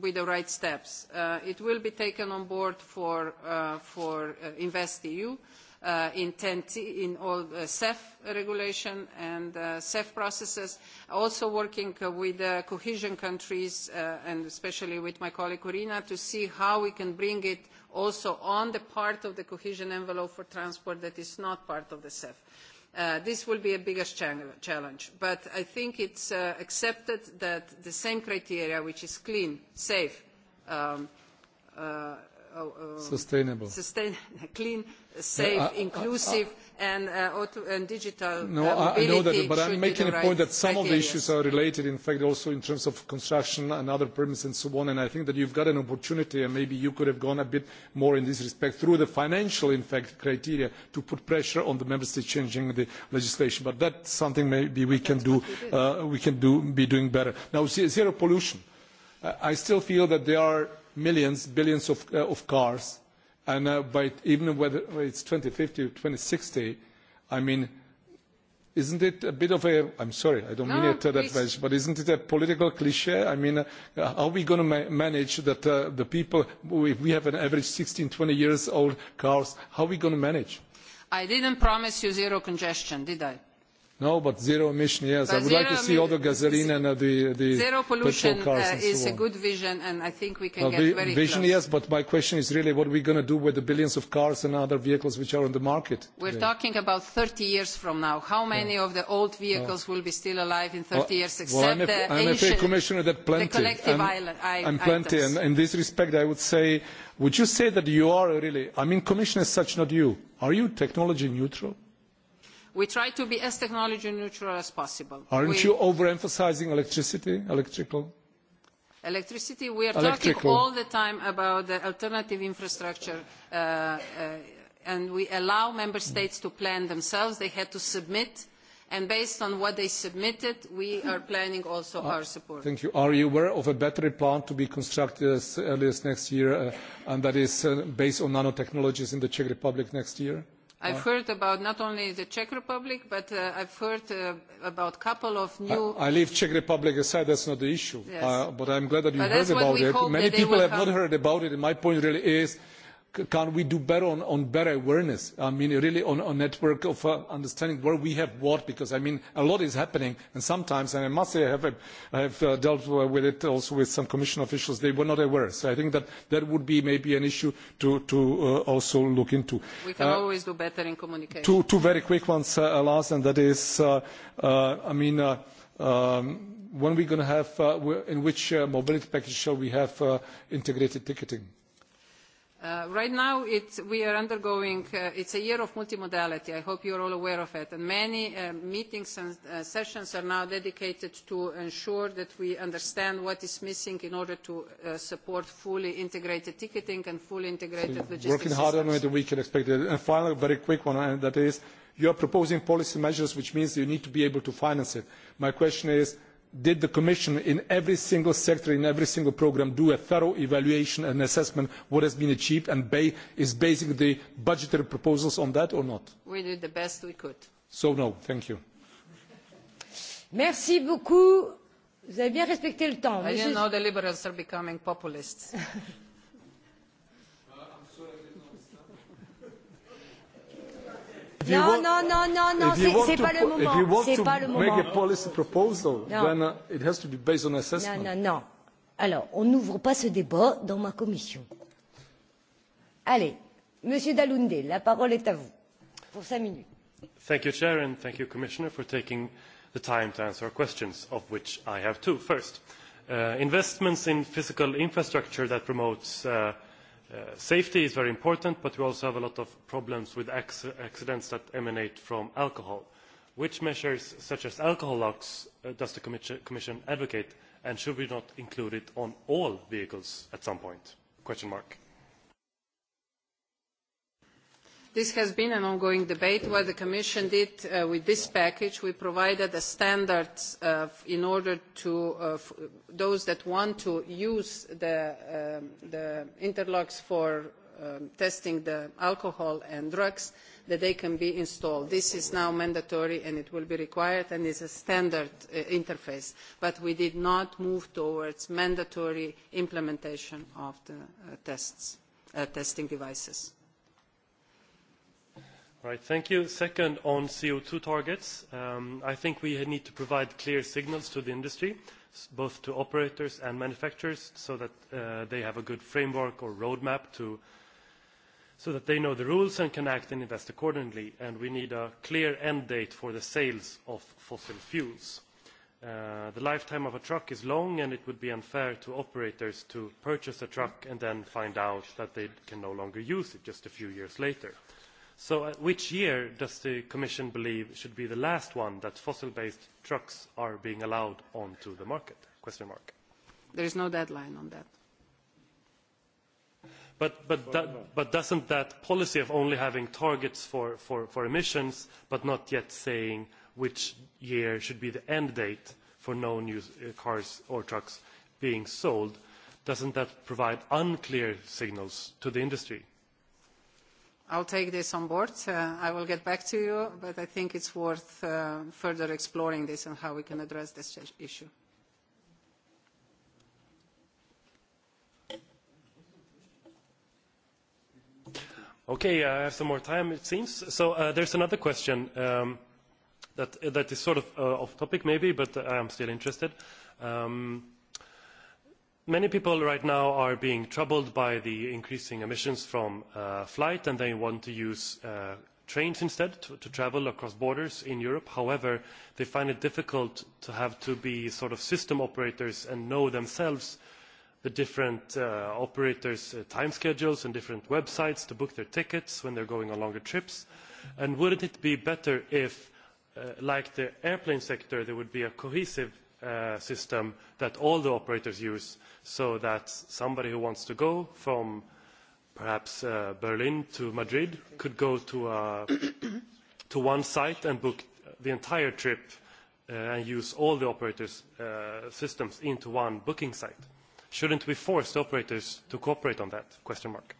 with the right steps. Uh, it will be taken on board for, uh, uh InvestEU uh, in, in all the CEF regulation and CEF processes, also working with the cohesion countries and especially with my colleague Corina to see how we can bring it also on the part of the cohesion envelope for transport that is not part of the CEF. Uh, this will be a biggest challenge but i think it's uh, accepted that the same criteria which is clean safe um, uh, Uh, sustainable, clean, safe, inclusive, and, uh, and digital uh, no, I know that, but I'm making a point that some of the issues are related, in fact, also in terms of construction and other permits and so on. And I think that you've got an opportunity, and maybe you could have gone a bit more in this respect through the financial, in fact, criteria to put pressure on the member states changing the legislation. But that's something maybe we can do. We, we can do be doing better. Now, zero pollution. I still feel that there are millions, billions of, uh, of cars. And uh, by even whether it's 2050 or 2060, I mean, isn't it a bit of a, I'm sorry, I don't mean it that much, but isn't it a political cliche? I mean, uh, are we going to ma manage that uh, the people, if we have an average 16, 20 years old cars, how are we going to manage? I didn't promise you zero congestion, did I? No, but zero emission, yes. But I would like to see other gasoline and uh, the, the zero pollution petrol cars uh, and so is on. a good vision, and I think we can get very Vision, close. yes, but my question is really what are we going to do with the billions of cars and other vehicles which are on the market? We're talking about 30 years from now. How many yeah. of the old oh. vehicles yeah. will be still alive in 30 years, except well, I'm a, the I'm ancient, a commissioner that plenty. The collective and, island, and plenty. And in this respect, I would say, would you say that you are really, I mean, commissioner as such, not you, are you technology neutral? We try to be as technology neutral as possible. Aren't we, you overemphasizing electricity, electrical? Electricity, we are talking all the time about the alternative infrastructure uh, uh, and we allow member states to plan themselves. They had to submit and based on what they submitted, we are planning also ah, our support. Thank you. Are you aware of a battery plant to be constructed as early as next year uh, and that is based on nanotechnologies in the Czech Republic next year? I've uh, heard about not only the Czech Republic, but uh, I've heard uh, about a couple of new... I, I leave Czech Republic aside, that's not the issue. Yes. Uh, but I'm glad that you but heard about it. Many people have come... not heard about it, and my point really is can we do better on, on better awareness? I mean, really on a network of uh, understanding where we have what, because I mean, a lot is happening, and sometimes, and I must say, I have, uh, I have uh, dealt with it also with some commission officials, they were not aware. So I think that that would be maybe an issue to, to uh, also look into. We can uh, always do better in communication. Two, two very quick ones, uh, last, and that is, I mean, um, when are we going to have, in which mobility package shall we have integrated ticketing? Uh, right now we are undergoing uh, it's a year of multimodality i hope you are all aware of it and many uh, meetings and sessions are now dedicated to ensure that we understand what is missing in order to support fully integrated ticketing and fully integrated so logistics working harder systems. we can expect and finally a very quick one and that is you are proposing policy measures which means you need to be able to finance it. my question is did the commission in every single sector in every single programme do a thorough evaluation and assessment of what has been achieved and ba is basing the budgetary proposals on that or not? we did the best we could. so no thank you. merci beaucoup. vous avez bien respecté le temps. i didn't know the liberals are becoming populists. Non, non, non, non, non, c'est pas le moment. C'est pas le moment. non. Uh, it has to be based on assessment. Non, non, non. Alors, on n'ouvre pas ce débat dans ma commission. Allez, Monsieur Dalunde, la parole est à vous pour cinq minutes. Thank you, Chair, and thank you, Commissioner, for taking the time to answer questions, of which I have two. First, uh, investments in physical infrastructure that promotes uh, Uh, safety is very important but we also have a lot of problems with accidents that emanate from alcohol. which measures such as alcohol locks uh, does the commission advocate and should we not include it on all vehicles at some point? Question mark. This has been an ongoing debate. What the Commission did uh, with this package, we provided a standards uh, in order to uh, those that want to use the, um, interlocks for um, testing the alcohol and drugs, that they can be installed. This is now mandatory and it will be required and is a standard interface. But we did not move towards mandatory implementation of the tests, testing devices. Right, thank you. Second, on CO2 targets, um, I think we need to provide clear signals to the industry, both to operators and manufacturers, so that uh, they have a good framework or roadmap to, so that they know the rules and can act and invest accordingly. And we need a clear end date for the sales of fossil fuels. Uh, the lifetime of a truck is long, and it would be unfair to operators to purchase a truck and then find out that they can no longer use it just a few years later so uh, which year does the commission believe should be the last one that fossil based trucks are being allowed onto the market? Question mark. there is no deadline on that. But, but, doesn't that policy of only having targets for, for, for emissions but not yet saying which year should be the end date for no new uh, cars or trucks being sold doesn't that provide unclear signals to the industry? I'll take this on board. Uh, I will get back to you, but I think it's worth uh, further exploring this and how we can address this issue. Okay, uh, I have some more time, it seems. So there's another question um, that, that is sort of off topic maybe, but I am still interested. Um, many people right now are being troubled by the increasing emissions from uh, flight and they want to use uh, trains instead to, travel across borders in europe. however they find it difficult to have to be sort of system operators and know themselves the different uh, operators' time schedules and different websites to book their tickets when they are going on longer trips and wouldn't it be better if like the airplane sector there would be a cohesive Uh, system that all the operators use so that somebody who wants to go from perhaps uh, Berlin to Madrid could go to, uh, to one site and book the entire trip uh, and use all the operators' uh, systems into one booking site. Shouldn't we force the operators to cooperate on that? Question mark.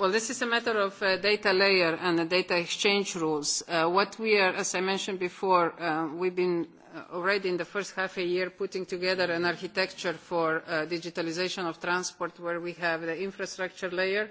Well, this is a matter of uh, data layer and the data exchange rules. Uh, what we are, as I mentioned before, uh, we've been uh, already in the first half a year putting together an architecture for uh, digitalization of transport where we have the infrastructure layer,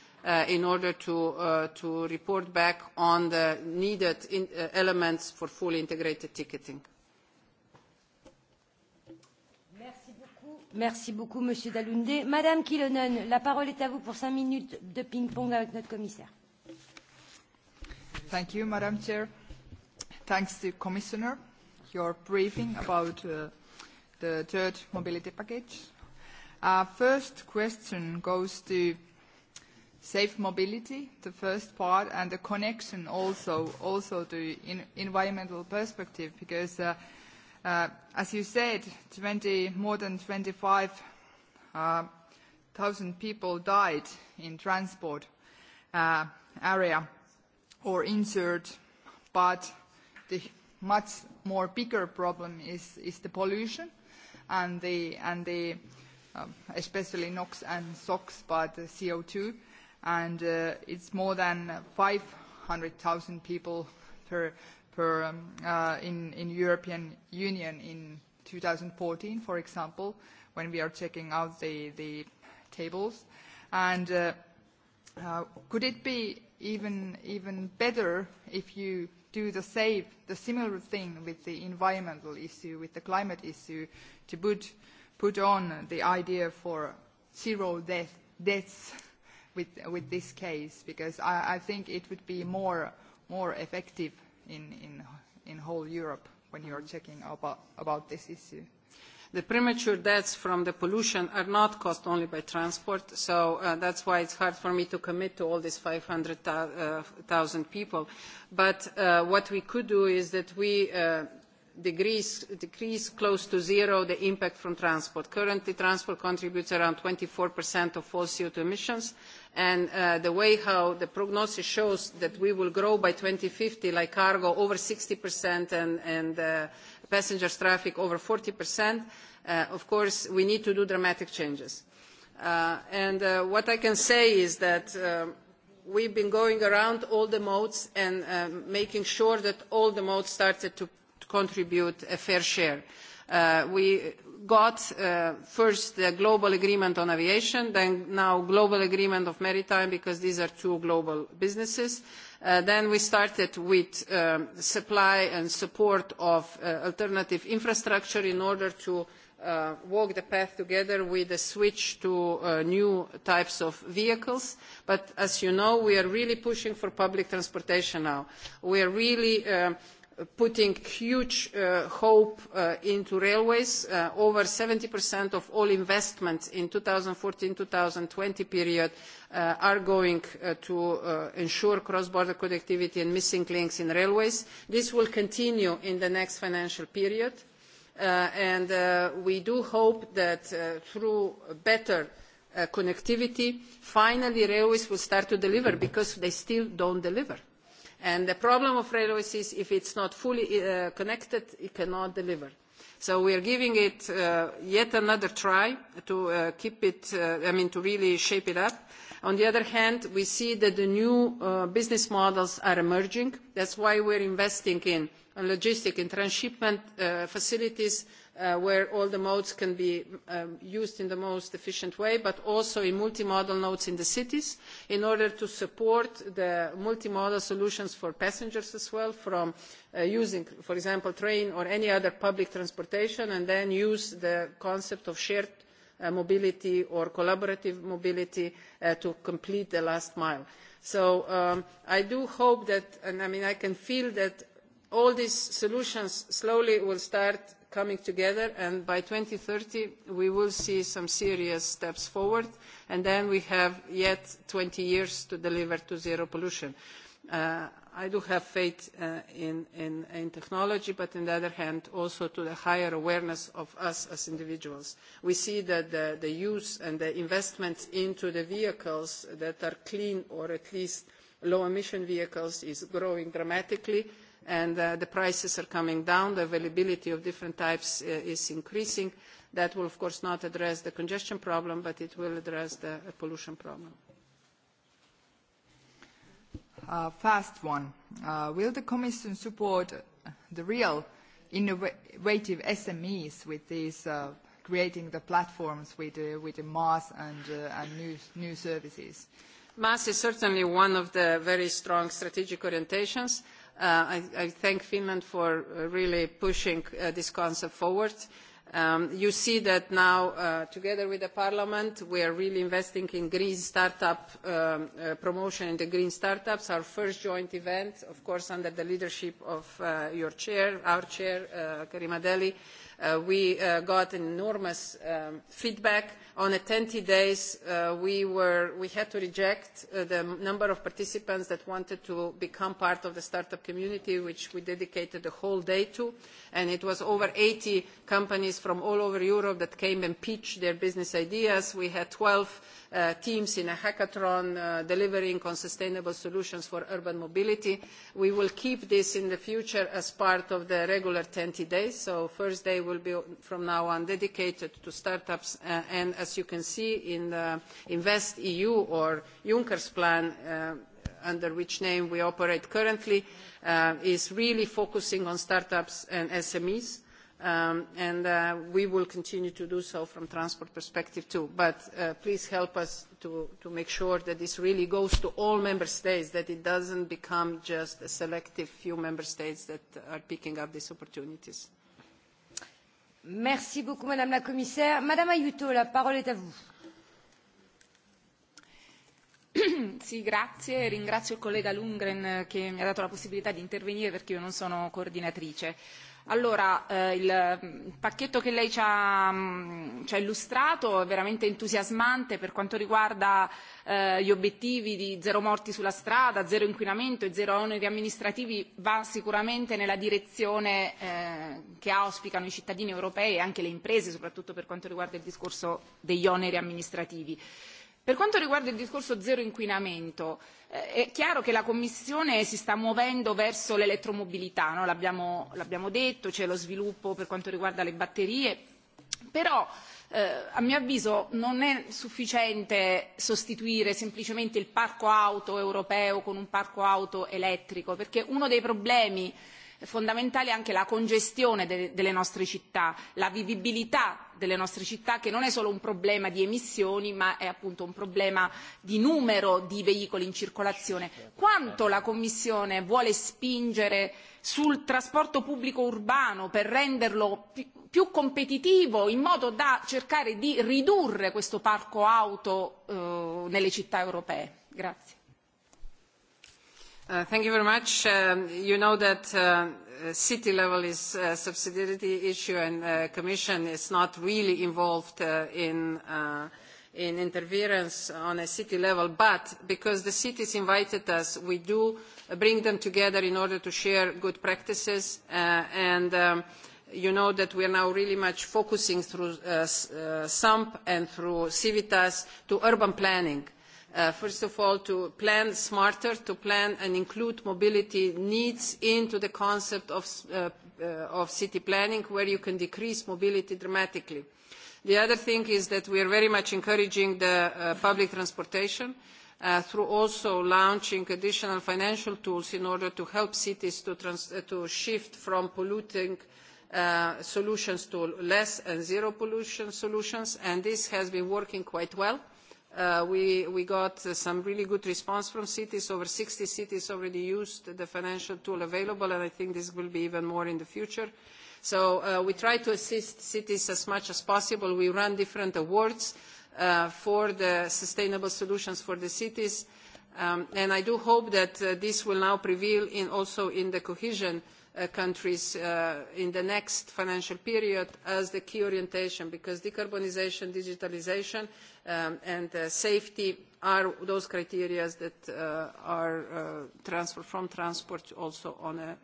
Uh, in order to, uh, to report back on the needed uh, elements for fully integrated ticketing. Merci beaucoup, Merci beaucoup Monsieur Dalunde. Madame Kilonen, la parole est à vous pour cinq minutes de ping-pong avec notre commissaire. Thank you, Madam Chair. Thanks to Commissioner, your briefing about the third mobility package. Our first question goes to safe mobility, the first part, and the connection also also to in environmental perspective, because uh, uh, as you said, 20, more than uh, thousand people died in transport uh, area or injured, but the much more bigger problem is is the pollution and the and the um, especially NOx and SOx, but the CO2 and uh, it's more than 500,000 people per, per, um, uh, in, in European Union in 2014, for example, when we are checking out the, the tables. And uh, uh, could it be even, even better if you do the same, the similar thing with the environmental issue, with the climate issue, to put, put on the idea for zero death, deaths with, with this case because I, I think it would be more, more effective in, in, in whole Europe when you are checking about, about this issue. The premature deaths from the pollution are not caused only by transport, so uh, that's why it's hard for me to commit to all these 500,000 uh, people. But uh, what we could do is that we uh, decrease, close to zero the impact from transport. Currently, transport contributes around 24% of all CO2 emissions, and uh, the way how the prognosis shows that we will grow by 2050, like cargo, over 60% and, and uh, passengers traffic over 40%, uh, of course, we need to do dramatic changes. And what I can say is that we've been going around all the modes and making sure that all the modes started to contribute a fair share. Uh, we got uh, first the global agreement on aviation, then now global agreement of maritime, because these are two global businesses. Uh, then we started with um, supply and support of alternative infrastructure in order to walk the path together with a switch to new types of vehicles but as you know we are really pushing for public transportation now. we are really um, putting huge uh, hope uh, into railways. Uh, over 70% of all investments in 2014-2020 period are going to ensure cross-border connectivity and missing links in railways. This will continue in the next financial period. And we do hope that through better connectivity, finally railways will start to deliver because they still don't deliver and the problem of railways is if it's not fully uh, connected it cannot deliver so we are giving it uh, yet another try to uh, keep it i mean to really shape it up on the other hand we see that the new business models are emerging that's why we are investing in logistic and transshipment facilities Uh, where all the modes can be um, used in the most efficient way but also in multimodal nodes in the cities in order to support the multimodal solutions for passengers as well from uh, using for example train or any other public transportation and then use the concept of shared uh, mobility or collaborative mobility to complete the last mile. so um, i do hope that and i mean i can feel that all these solutions slowly will start coming together and by 2030 we will see some serious steps forward and then we have yet 20 years to deliver to zero pollution. Uh, I do have faith uh, in, in, technology, but on the other hand, also to the higher awareness of us as individuals. We see that the, the use and the investment into the vehicles that are clean or at least low emission vehicles is growing dramatically and uh, the prices are coming down the availability of different types uh, is increasing that will of course not address the congestion problem but it will address the uh, pollution problem uh, fast one will the commission support the real innovative smes with these creating the platforms with with the mass and and new new services mass is certainly one of the very strong strategic orientations Uh, I, I thank Finland for uh, really pushing uh, this concept forward. Um, you see that now, together with the Parliament, we are really investing in green startup up um, promotion and the green startups, our first joint event, of course, under the leadership of uh, your chair, our chair, Karima Delli. We got enormous um, feedback on a 20 days uh, we were we had to reject uh, the number of participants that wanted to become part of the startup community which we dedicated the whole day to and it was over 80 companies from all over Europe that came and pitched their business ideas we had 12 uh, teams in a hackathon delivering on sustainable solutions for urban mobility we will keep this in the future as part of the regular 20 days so first day will be from now on dedicated to startups and as you can see in the investeu or juncker's plan uh, under which name we operate currently uh, is really focusing on start ups and smes um, and uh, we will continue to do so from transport perspective too. But please help us to, to make sure that this really goes to all member states, that it doesn't become just a selective few member states that are picking up these opportunities. Madame la Commissaire. Madame Aiuto, la parole est à vous. grazie. Ringrazio il collega Lundgren eh, che mi ha dato la possibilità di intervenire perché io non sono coordinatrice Allora, eh, il mm, pacchetto che lei ci ha, mm, ci ha illustrato è veramente entusiasmante per quanto riguarda eh, gli obiettivi di zero morti sulla strada, zero inquinamento e zero oneri amministrativi, va sicuramente nella direzione eh, che auspicano i cittadini europei e anche le imprese, soprattutto per quanto riguarda il discorso degli oneri amministrativi Per quanto riguarda il discorso zero inquinamento, eh, è chiaro che la Commissione si sta muovendo verso l'elettromobilità, no? l'abbiamo detto, c'è lo sviluppo per quanto riguarda le batterie, però eh, a mio avviso non è sufficiente sostituire semplicemente il parco auto europeo con un parco auto elettrico, perché uno dei problemi fondamentale anche la congestione delle nostre città la vivibilità delle nostre città che non è solo un problema di emissioni ma è appunto un problema di numero di veicoli in circolazione quanto la commissione vuole spingere sul trasporto pubblico urbano per renderlo più competitivo in modo da cercare di ridurre questo parco auto eh, nelle città europee grazie Uh, thank you very much. Um, you know that uh, city level is a subsidiarity issue and the uh, Commission is not really involved in, in interference on a city level, but because the cities invited us, we do bring them together in order to share good practices and um, you know that we are now really much focusing through SUMP and through Civitas to urban planning Uh, first of all to plan smarter to plan and include mobility needs into the concept of, uh, uh, of city planning where you can decrease mobility dramatically. the other thing is that we are very much encouraging the public transportation through also launching additional financial tools in order to help cities to, to shift from polluting solutions to less and zero pollution solutions and this has been working quite well. Uh, we, we got some really good response from cities. Over 60 cities already used the financial tool available, and I think this will be even more in the future. So uh, we try to assist cities as much as possible. We run different awards uh, for the sustainable solutions for the cities. Um, and I do hope that this will now prevail in also in the cohesion Uh, countries uh, in the next financial period as the key orientation because decarbonisation digitalisation um, and uh, safety are those criteria that are transferred from transport also on a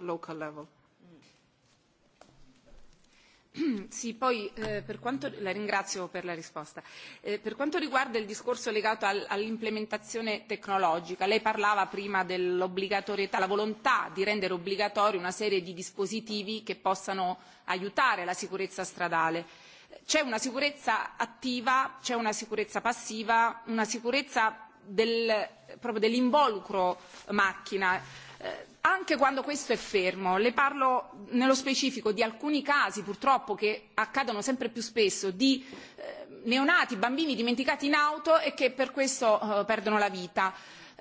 local level. Sì, poi eh, per quanto la ringrazio per la risposta. Eh, per quanto riguarda il discorso legato all'implementazione tecnologica, lei parlava prima dell'obbligatorietà, la volontà di rendere obbligatori una serie di dispositivi che possano aiutare la sicurezza stradale. C'è una sicurezza attiva, c'è una sicurezza passiva, una sicurezza del, proprio dell'involucro macchina Eh, anche quando questo è fermo le parlo nello specifico di alcuni casi purtroppo che accadono sempre più spesso di eh, neonati bambini dimenticati in auto e che per questo eh, perdono la vita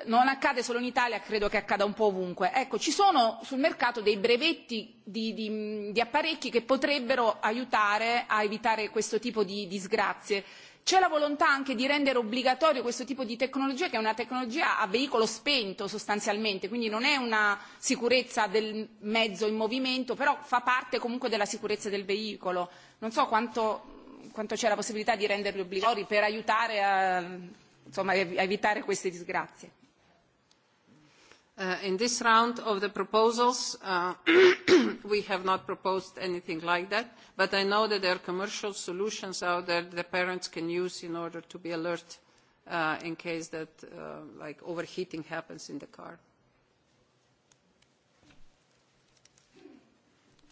non accade solo in Italia credo che accada un po' ovunque ecco ci sono sul mercato dei brevetti di, di, apparecchi che potrebbero aiutare a evitare questo tipo di disgrazie c'è la volontà anche di rendere obbligatorio questo tipo di tecnologia che è una tecnologia a veicolo spento sostanzialmente quindi non è una sicurezza del mezzo in movimento però fa parte comunque della sicurezza del veicolo non so quanto, quanto c'è la possibilità di renderli obbligatori per aiutare a, insomma, a evitare queste disgrazie Uh, in this round of the proposals, uh, we have not proposed anything like that, but I know that there are commercial solutions out there that the parents can use in order to be alert uh, in case that like overheating happens in the car.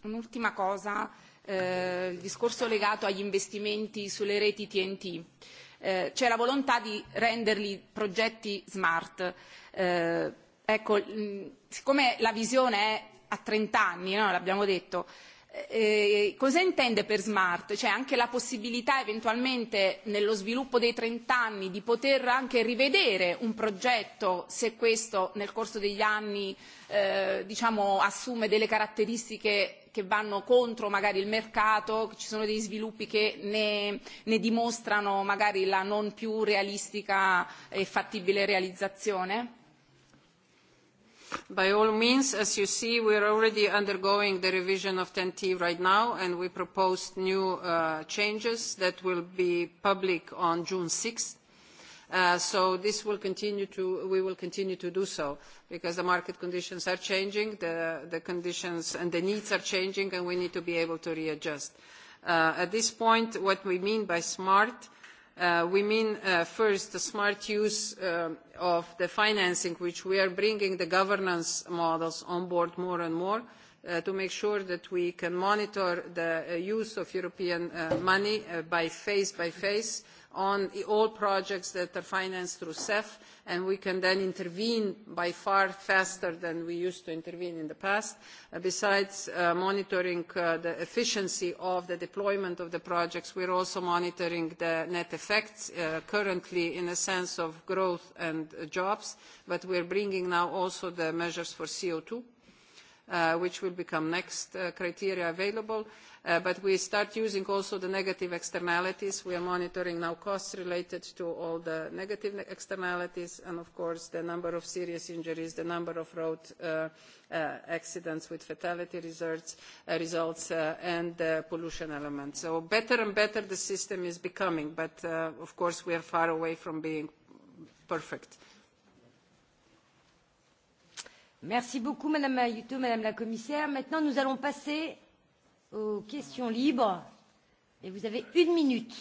Un'ultima cosa, eh, il discorso legato agli investimenti sulle reti TNT. t eh, C'è la volontà di renderli progetti smart. Eh, Ecco, siccome la visione è a 30 anni, no? l'abbiamo detto, eh, eh, cosa intende per smart? Cioè anche la possibilità eventualmente nello sviluppo dei 30 anni di poter anche rivedere un progetto se questo nel corso degli anni eh, diciamo, assume delle caratteristiche che vanno contro magari il mercato, ci sono dei sviluppi che ne, ne dimostrano magari la non più realistica e fattibile realizzazione? By all means, as you see, we are already undergoing the revision of TEN-T right now, and we proposed new uh, changes that will be public on June 6th. Uh, so this will continue to, we will continue to do so because the market conditions are changing, the, conditions and the needs are changing, and we need to be able to readjust. Uh, at this point, what we mean by smart Uh, we mean uh, first the smart use uh, of the financing which we are bringing the governance models on board more and more Uh, to make sure that we can monitor the uh, use of European uh, money by phase by phase on all projects that are financed through CEF, and we can then intervene by far faster than we used to intervene in the past, besides monitoring the efficiency of the deployment of the projects. We are also monitoring the net effects currently in a sense of growth and jobs, but we are bringing now also the measures for CO2 Uh, which will become next uh, criteria available uh, but we start using also the negative externalities we are monitoring now costs related to all the negative externalities and of course the number of serious injuries the number of road accidents with fatality results, results and the pollution elements. so better and better the system is becoming but of course we are far away from being perfect Merci beaucoup, Madame Ayuto, Madame la Commissaire. Maintenant, nous allons passer aux questions libres. Et vous avez une minute.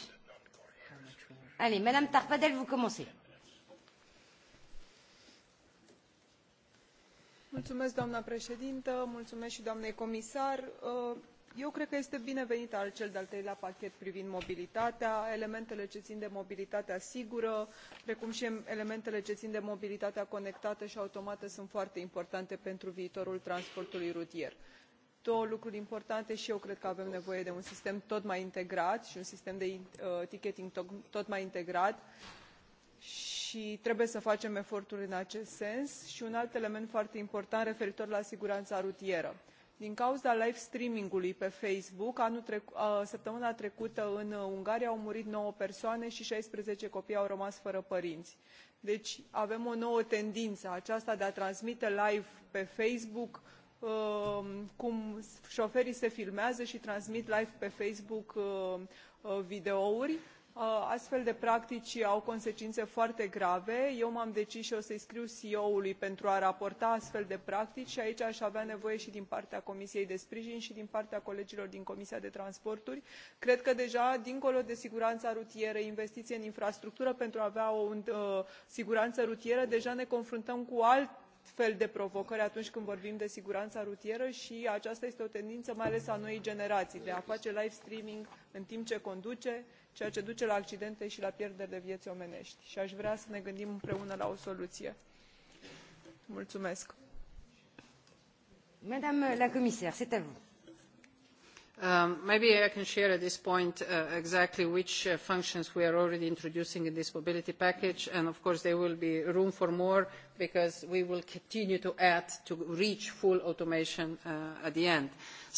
Allez, Madame Tarpadel, vous commencez. Mulțumesc, doamnă președintă, mulțumesc și doamnei comisar. Uh, eu cred că este binevenit cel de al treilea pachet privind mobilitatea elementele ce țin de mobilitatea sigură precum și elementele ce țin de mobilitatea conectată și automată sunt foarte importante pentru viitorul transportului rutier două lucruri importante și eu cred că avem nevoie de un sistem tot mai integrat și un sistem de uh, ticketing tot mai integrat și trebuie să facem eforturi în acest sens și un alt element foarte important referitor la siguranța rutieră din cauza live streaming ului pe facebook săptămâna trecută în ungaria au murit nouă persoane și șaisprezece copii au rămas fără părinți. deci avem o nouă tendință aceasta de a transmite live pe facebook um, cum șoferii se filmează și transmit live pe facebook um, uh, videouri Uh, astfel de practici au consecințe foarte grave eu m am decis și o să i scriu ceo ului pentru a raporta astfel de practici și aici aș avea nevoie și din partea comisiei de sprijin și din partea colegilor din comisia de transporturi. cred că deja dincolo de siguranța rutieră investiții în infrastructură pentru a avea o uh, siguranță rutieră deja ne confruntăm cu alt fel de provocări atunci când vorbim de siguranța rutieră și aceasta este o tendință mai ales a noii generații de a face live streaming în timp ce conduce ceea ce duce la accidente și la pierderi de vieți omenești și aș vrea să ne gândim împreună la o soluție. Mulțumesc. Madame la commissaire, c'est à vous. Um, maybe I can share at this point uh, exactly which uh, functions we are already introducing in this mobility package and of course there will be room for more because we will continue to add to reach full automation uh, at the end.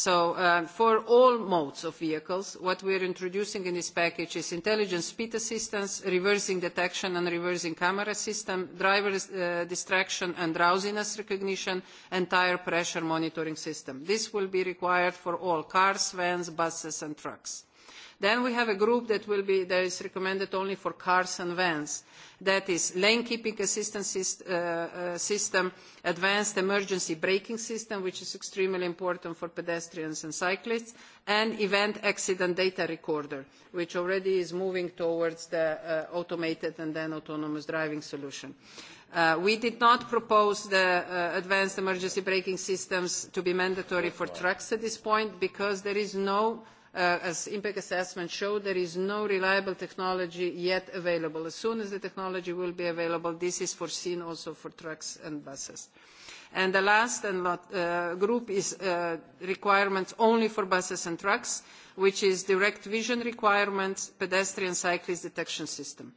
So uh, for all modes of vehicles, what we are introducing in this package is intelligent speed assistance, reversing detection and reversing camera system, driver uh, distraction and drowsiness recognition, and tire pressure monitoring system. This will be required for all cars, vans, buses and trucks. Then we have a group that is recommended only for cars and vans. That is lane keeping assistance uh, uh, system, advanced emergency braking system, which is extremely important for pedestrians and cyclists, and event accident data recorder, which already is moving towards the uh, automated and then autonomous driving solution. we did not propose the advanced emergency braking systems to be mandatory for trucks at this point because there is no Uh, as impact assessments showed, there is no reliable technology yet available. as soon as the technology will be available this is foreseen also for trucks and buses. the last uh, group is uh, requirements only for buses and trucks which is direct vision requirements pedestrian cyclist detection system.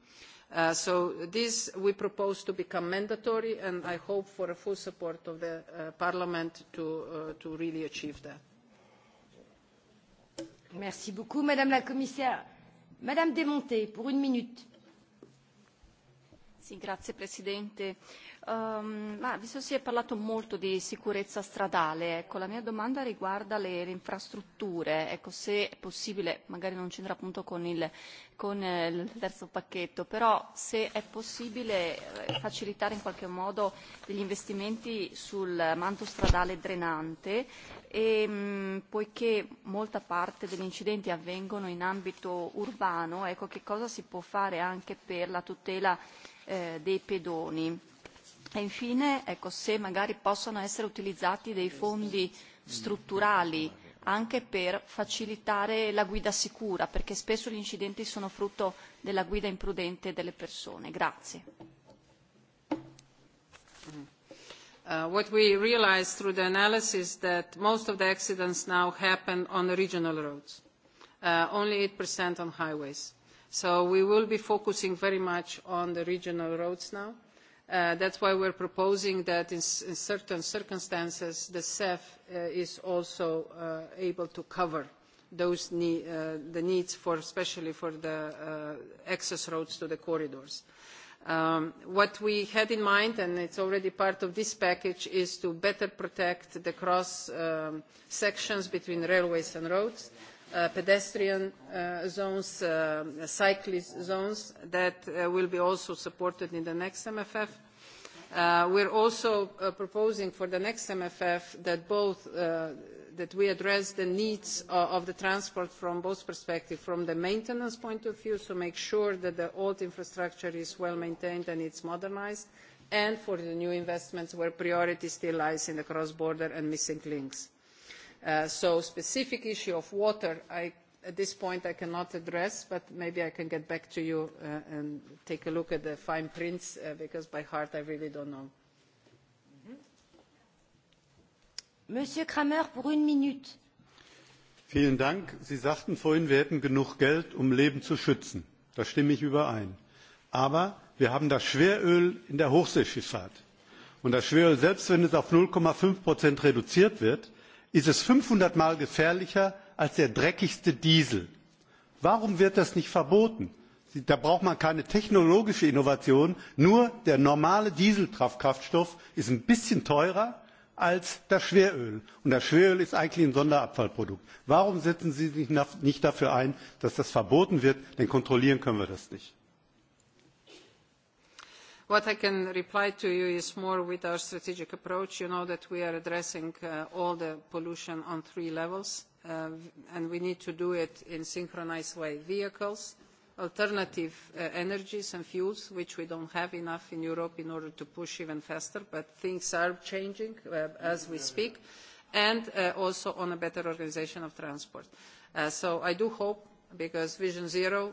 so this we propose to become mandatory and i hope for a full support of the, parliament to really achieve that. Merci Madame la Commissaire. Madame Demonte, pour une minute. Sì, Presidente. onorevoli, ehm, ma visto si è parlato molto di sicurezza stradale, la mia domanda riguarda le, infrastrutture. Ecco, se è possibile, magari non c'entra appunto con il, eh, terzo pacchetto, però se è possibile eh, facilitare in qualche modo gli investimenti sul manto stradale drenante e poiché molta parte degli incidenti avvengono in ambito urbano, ecco che cosa si può fare anche per la tutela eh, dei pedoni. E infine, ecco, se magari possono essere utilizzati dei fondi strutturali anche per facilitare la guida sicura, perché spesso gli incidenti sono frutto della guida imprudente delle persone. Grazie. Uh, what we realised through the analysis is that most of the accidents now happen on regional roads, uh, only 8% on highways. So we will be focusing very much on the regional roads now. That uh, that's why we are proposing that in, certain circumstances the CEF is also able to cover those the needs for especially for the access roads to the corridors. Um, what we had in mind and it's already part of this package is to better protect the cross um, sections between railways and roads uh, pedestrian uh, zones um, cyclist zones that uh, will be also supported in the next mff we're also proposing for the next mff that both that we address the needs of the transport from both perspectives, from the maintenance point of view, to make sure that the old infrastructure is well maintained and it's modernized, and for the new investments where priority still lies in the cross-border and missing links. Uh, so specific issue of water, at this point I cannot address, but maybe I can get back to you uh, and take a look at the fine prints, uh, because by heart I really don't know. Monsieur Kramer pour une minute. Vielen Dank. Sie sagten vorhin, wir hätten genug Geld, um Leben zu schützen. Da stimme ich überein. Aber wir haben das Schweröl in der Hochseeschifffahrt. Und das Schweröl, selbst wenn es auf 0,5 reduziert wird, ist es 500 Mal gefährlicher als der dreckigste Diesel. Warum wird das nicht verboten? Da braucht man keine technologische Innovation. Nur der normale Dieselkraftstoff ist ein bisschen teurer als das Schweröl. Und das Schweröl ist eigentlich ein Sonderabfallprodukt. Warum setzen Sie sich nicht dafür ein, dass das verboten wird? Denn kontrollieren können wir das nicht. What I can reply to you is more with our strategic approach. You know that we are addressing uh, all the pollution on three levels, uh, and we need to do it in synchronized way. Vehicles, alternative uh, energies and fuels which we don't have enough in europe in order to push even faster but things are changing uh, as we speak and uh, also on a better organisation of transport. so i do hope because vision zero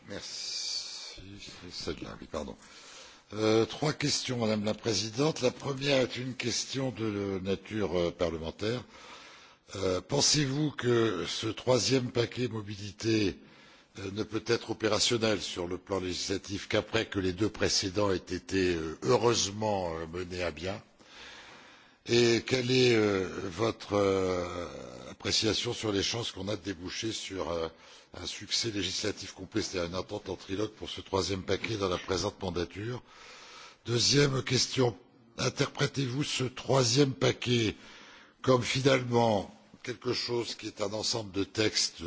Euh, trois questions, Madame la Présidente. La première est une question de nature euh, parlementaire. Euh, pensez-vous que ce troisième paquet mobilité ne peut être opérationnel sur le plan législatif qu'après que les deux précédents aient été heureusement menés à bien et quelle est votre appréciation sur les chances qu'on a de déboucher sur un succès législatif complet, c'est à dire une entente en trilogue pour ce troisième paquet dans la présente mandature. Deuxième question interprétez vous ce troisième paquet comme finalement quelque chose qui est un ensemble de textes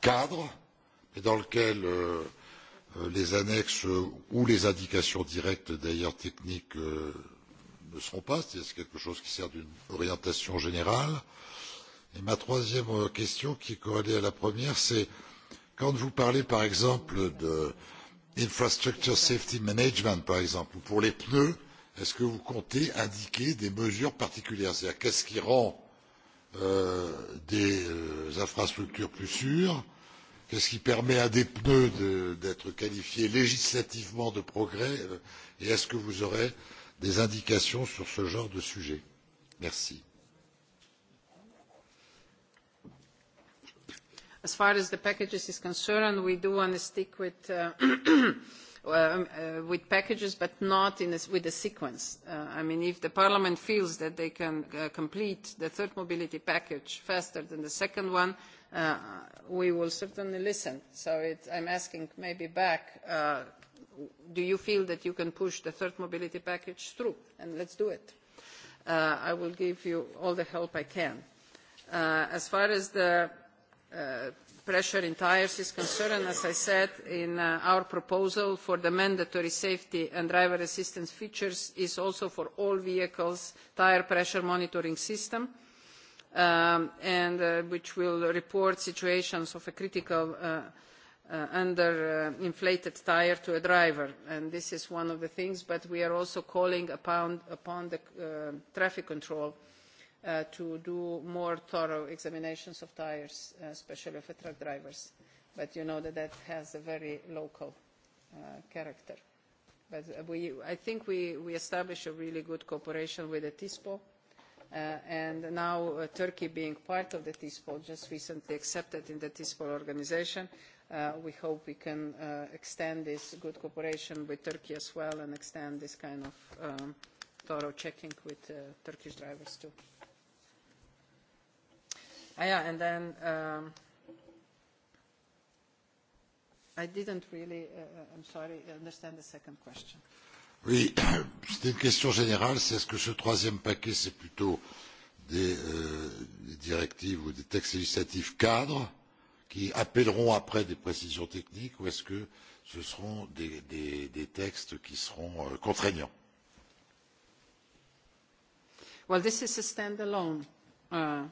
cadres, mais dans lequel euh, euh, les annexes euh, ou les indications directes d'ailleurs techniques ne seront pas, c'est-à-dire quelque chose qui sert d'une orientation générale. Et ma troisième question, qui est corrélée à la première, c'est quand vous parlez par exemple de infrastructure safety management par exemple ou pour les pneus est ce que vous comptez indiquer des mesures particulières c'est à dire qu'est ce qui rend euh, des euh, infrastructures plus sûres qu'est ce qui permet à des pneus d'être qualifiés législativement de progrès et est ce que vous aurez des indications sur ce genre de sujet? merci. as far as the packages is concerned we do want to stick uh, um, uh, with packages but not with a sequence uh, i mean if the parliament feels that they can complete the third mobility package faster than the second one we will certainly listen so i'm asking maybe back do you feel that you can push the third mobility package through and let's do it i will give you all the help i can as far as the pressure in tires is concerned, as I said, in uh, our proposal for the mandatory safety and driver assistance features is also for all vehicles tire pressure monitoring system, um, and uh, which will report situations of a critical uh, under inflated tire to a driver. And this is one of the things, but we are also calling upon the traffic control Uh, to do more thorough examinations of tyres, uh, especially for truck drivers. But you know that that has a very local uh, character. But we, I think we, we established a really good cooperation with the TISPO. And now Turkey being part of the TISPO, just recently accepted in the TISPO organization, we hope we can extend this good cooperation with Turkey as well and extend this kind of um, thorough checking with Turkish drivers too. Ah, yeah, and then um, I didn't really, uh, uh, I'm sorry, understand the second question. Oui, c'était une question générale. C'est est-ce que ce troisième paquet, c'est plutôt des, euh, des directives ou des textes législatifs cadres qui appelleront après des précisions techniques ou est-ce que ce seront des, des, des textes qui seront euh, contraignants Well, this is a standalone uh,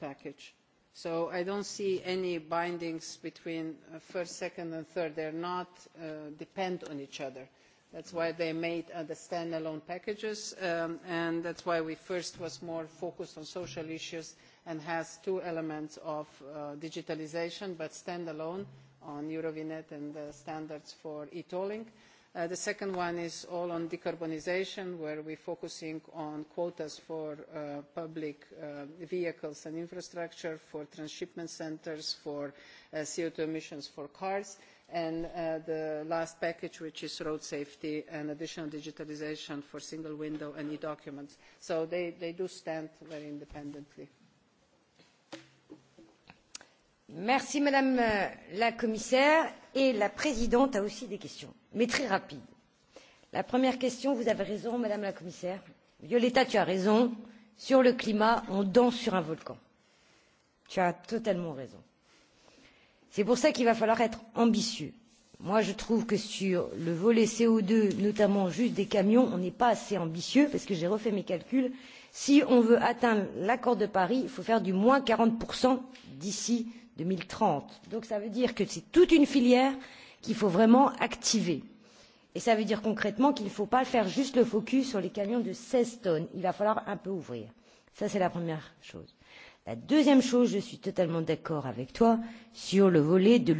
package. So I don't see any bindings between uh, first, second and third. They are not uh, depend on each other. That's why they made uh, stand standalone packages um, and that's why we first was more focused on social issues and has two elements of digitalisation uh, digitalization but standalone on Eurovinet and standards for e-tolling. Uh, the second one is all on decarbonisation, where we are focusing on quotas for uh, public uh, vehicles and infrastructure, for transshipment centres, for CO 2 emissions for cars, and the last package, which is road safety and additional digitalisation for single window and e-documents. So they, they do stand very independently. Merci Madame euh, la Commissaire et la Présidente a aussi des questions, mais très rapides. La première question, vous avez raison Madame la Commissaire. Violetta, tu as raison. Sur le climat, on danse sur un volcan. Tu as totalement raison. C'est pour cela qu'il va falloir être ambitieux. Moi, je trouve que sur le volet CO2, notamment juste des camions, on n'est pas assez ambitieux, parce que j'ai refait mes calculs. Si on veut atteindre l'accord de Paris, il faut faire du moins 40% d'ici deux mille trente donc cela veut dire que c'est toute une filière qu'il faut vraiment activer et cela veut dire concrètement qu'il ne faut pas faire juste le focus sur les camions de seize tonnes il va falloir un peu ouvrir ça c'est la première chose. la deuxième chose je suis totalement d'accord avec toi sur le volet de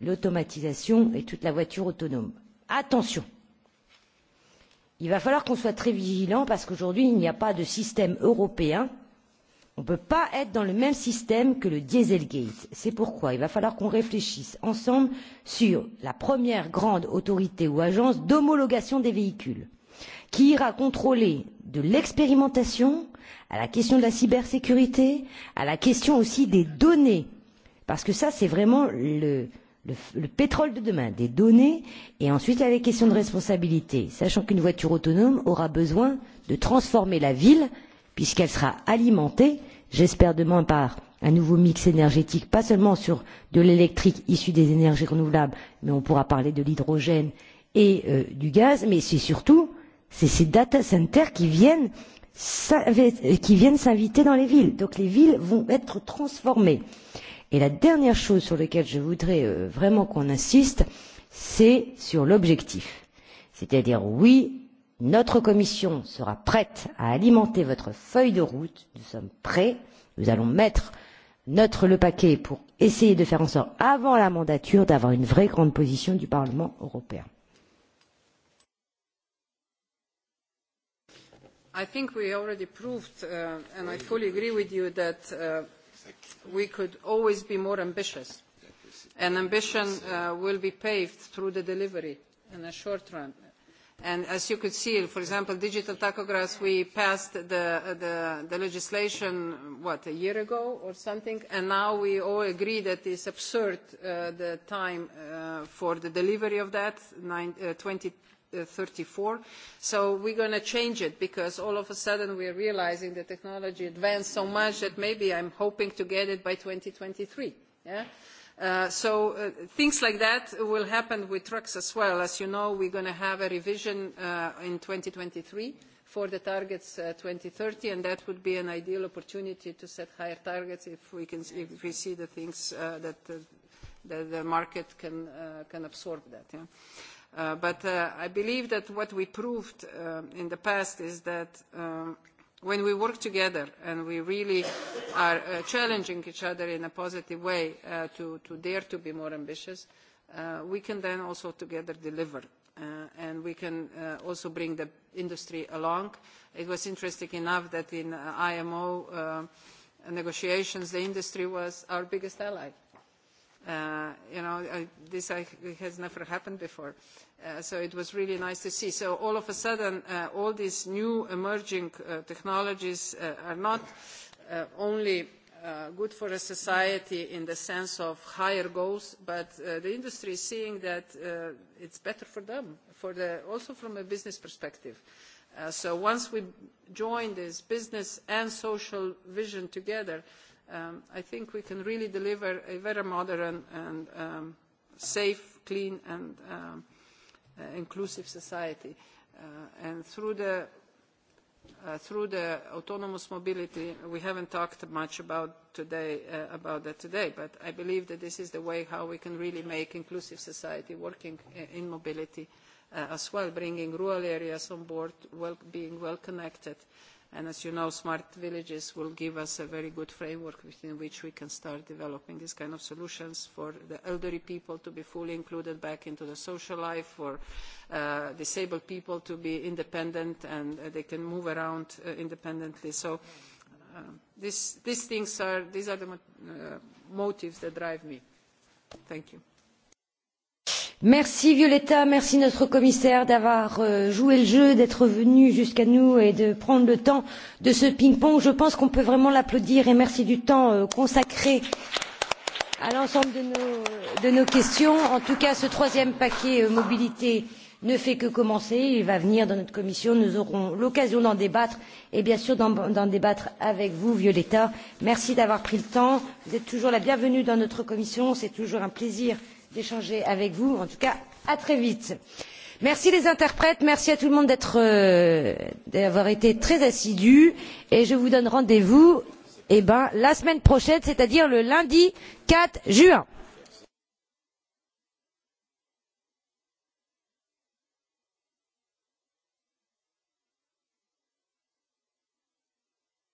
l'automatisation et toute la voiture autonome. attention il va falloir qu'on soit très vigilant parce qu'aujourd'hui il n'y a pas de système européen on ne peut pas être dans le même système que le Dieselgate. C'est pourquoi il va falloir qu'on réfléchisse ensemble sur la première grande autorité ou agence d'homologation des véhicules qui ira contrôler de l'expérimentation à la question de la cybersécurité, à la question aussi des données. Parce que ça, c'est vraiment le, le, pétrole de demain, des données. Et ensuite, il y a les questions de responsabilité. Sachant qu'une voiture autonome aura besoin de transformer la ville puisqu'elle sera alimentée j'espère demain par un nouveau mix énergétique, pas seulement sur de l'électrique issu des énergies renouvelables, mais on pourra parler de l'hydrogène et euh, du gaz, mais c'est surtout c'est ces data centers qui viennent euh, qui viennent s'inviter dans les villes. Donc les villes vont être transformées. Et la dernière chose sur laquelle je voudrais euh, vraiment qu'on insiste, c'est sur l'objectif. C'est-à-dire, oui, Notre commission sera prête à alimenter votre feuille de route. Nous sommes prêts. Nous allons mettre notre le paquet pour essayer de faire en sorte, avant la mandature, d'avoir une vraie grande position du Parlement européen. I think we already proved, uh, and I fully agree with you, that uh, we could always be more ambitious. And ambition uh, will be paved through the delivery in the short run And as you could see, for example, digital tachographs, we passed the, legislation, what, a year ago or something, and now we all agree that it is absurd uh, the time uh, for the delivery of that, uh, twenty thirty 2034. So we're going to change it because all of a sudden we are realizing the technology advanced so much that maybe I'm hoping to get it by 2023. Yeah? Uh, so uh, things like that will happen with trucks as well. As you know, we're going to have a revision uh, in 2023 for the targets 2030, uh, and that would be an ideal opportunity to set higher targets if we, can, if we see the things that, that the market can, can absorb that. Yeah? But I believe that what we proved in the past is that um, when we work together and we really are uh, challenging each other in a positive way uh, to, to dare to be more ambitious, uh, we can then also together deliver. Uh, and we can uh, also bring the industry along. It was interesting enough that in uh, IMO uh, negotiations, the industry was our biggest ally Uh, you know, I, this I, has never happened before. Uh, so it was really nice to see. So all of a sudden, uh, all these new emerging uh, technologies uh, are not only good for a society in the sense of higher goals, but the industry is seeing that it's better for them, for the, also from a business perspective. So once we join this business and social vision together, um, I think we can really deliver a very modern and um, safe, clean and um, uh, inclusive society. Uh, and through the uh, through the autonomous mobility, we haven't talked much about today uh, about that today, but I believe that this is the way how we can really make inclusive society working uh, in mobility uh, as well, bringing rural areas on board, well, being well connected and as you know smart villages will give us a very good framework within which we can start developing these kind of solutions for the elderly people to be fully included back into the social life for uh, disabled people to be independent and uh, they can move around uh, independently so these things are these are the motives that drive me thank you Merci Violetta, merci notre commissaire d'avoir euh, joué le jeu, d'être venu jusqu'à nous et de prendre le temps de ce ping-pong. Je pense qu'on peut vraiment l'applaudir et merci du temps euh, consacré à l'ensemble de nos, questions. En tout cas, ce troisième paquet euh, mobilité ne fait que commencer. Il va venir dans notre commission. Nous aurons l'occasion d'en débattre et bien sûr d'en débattre avec vous, Violetta. Merci d'avoir pris le temps. Vous êtes toujours la bienvenue dans notre commission. C'est toujours un plaisir d'échanger avec vous en tout cas à très vite. merci les interprètes merci à tout le monde euh, d'avoir été très assidus et je vous donne rendez vous eh la semaine prochaine c'est à dire le lundi quatre juin.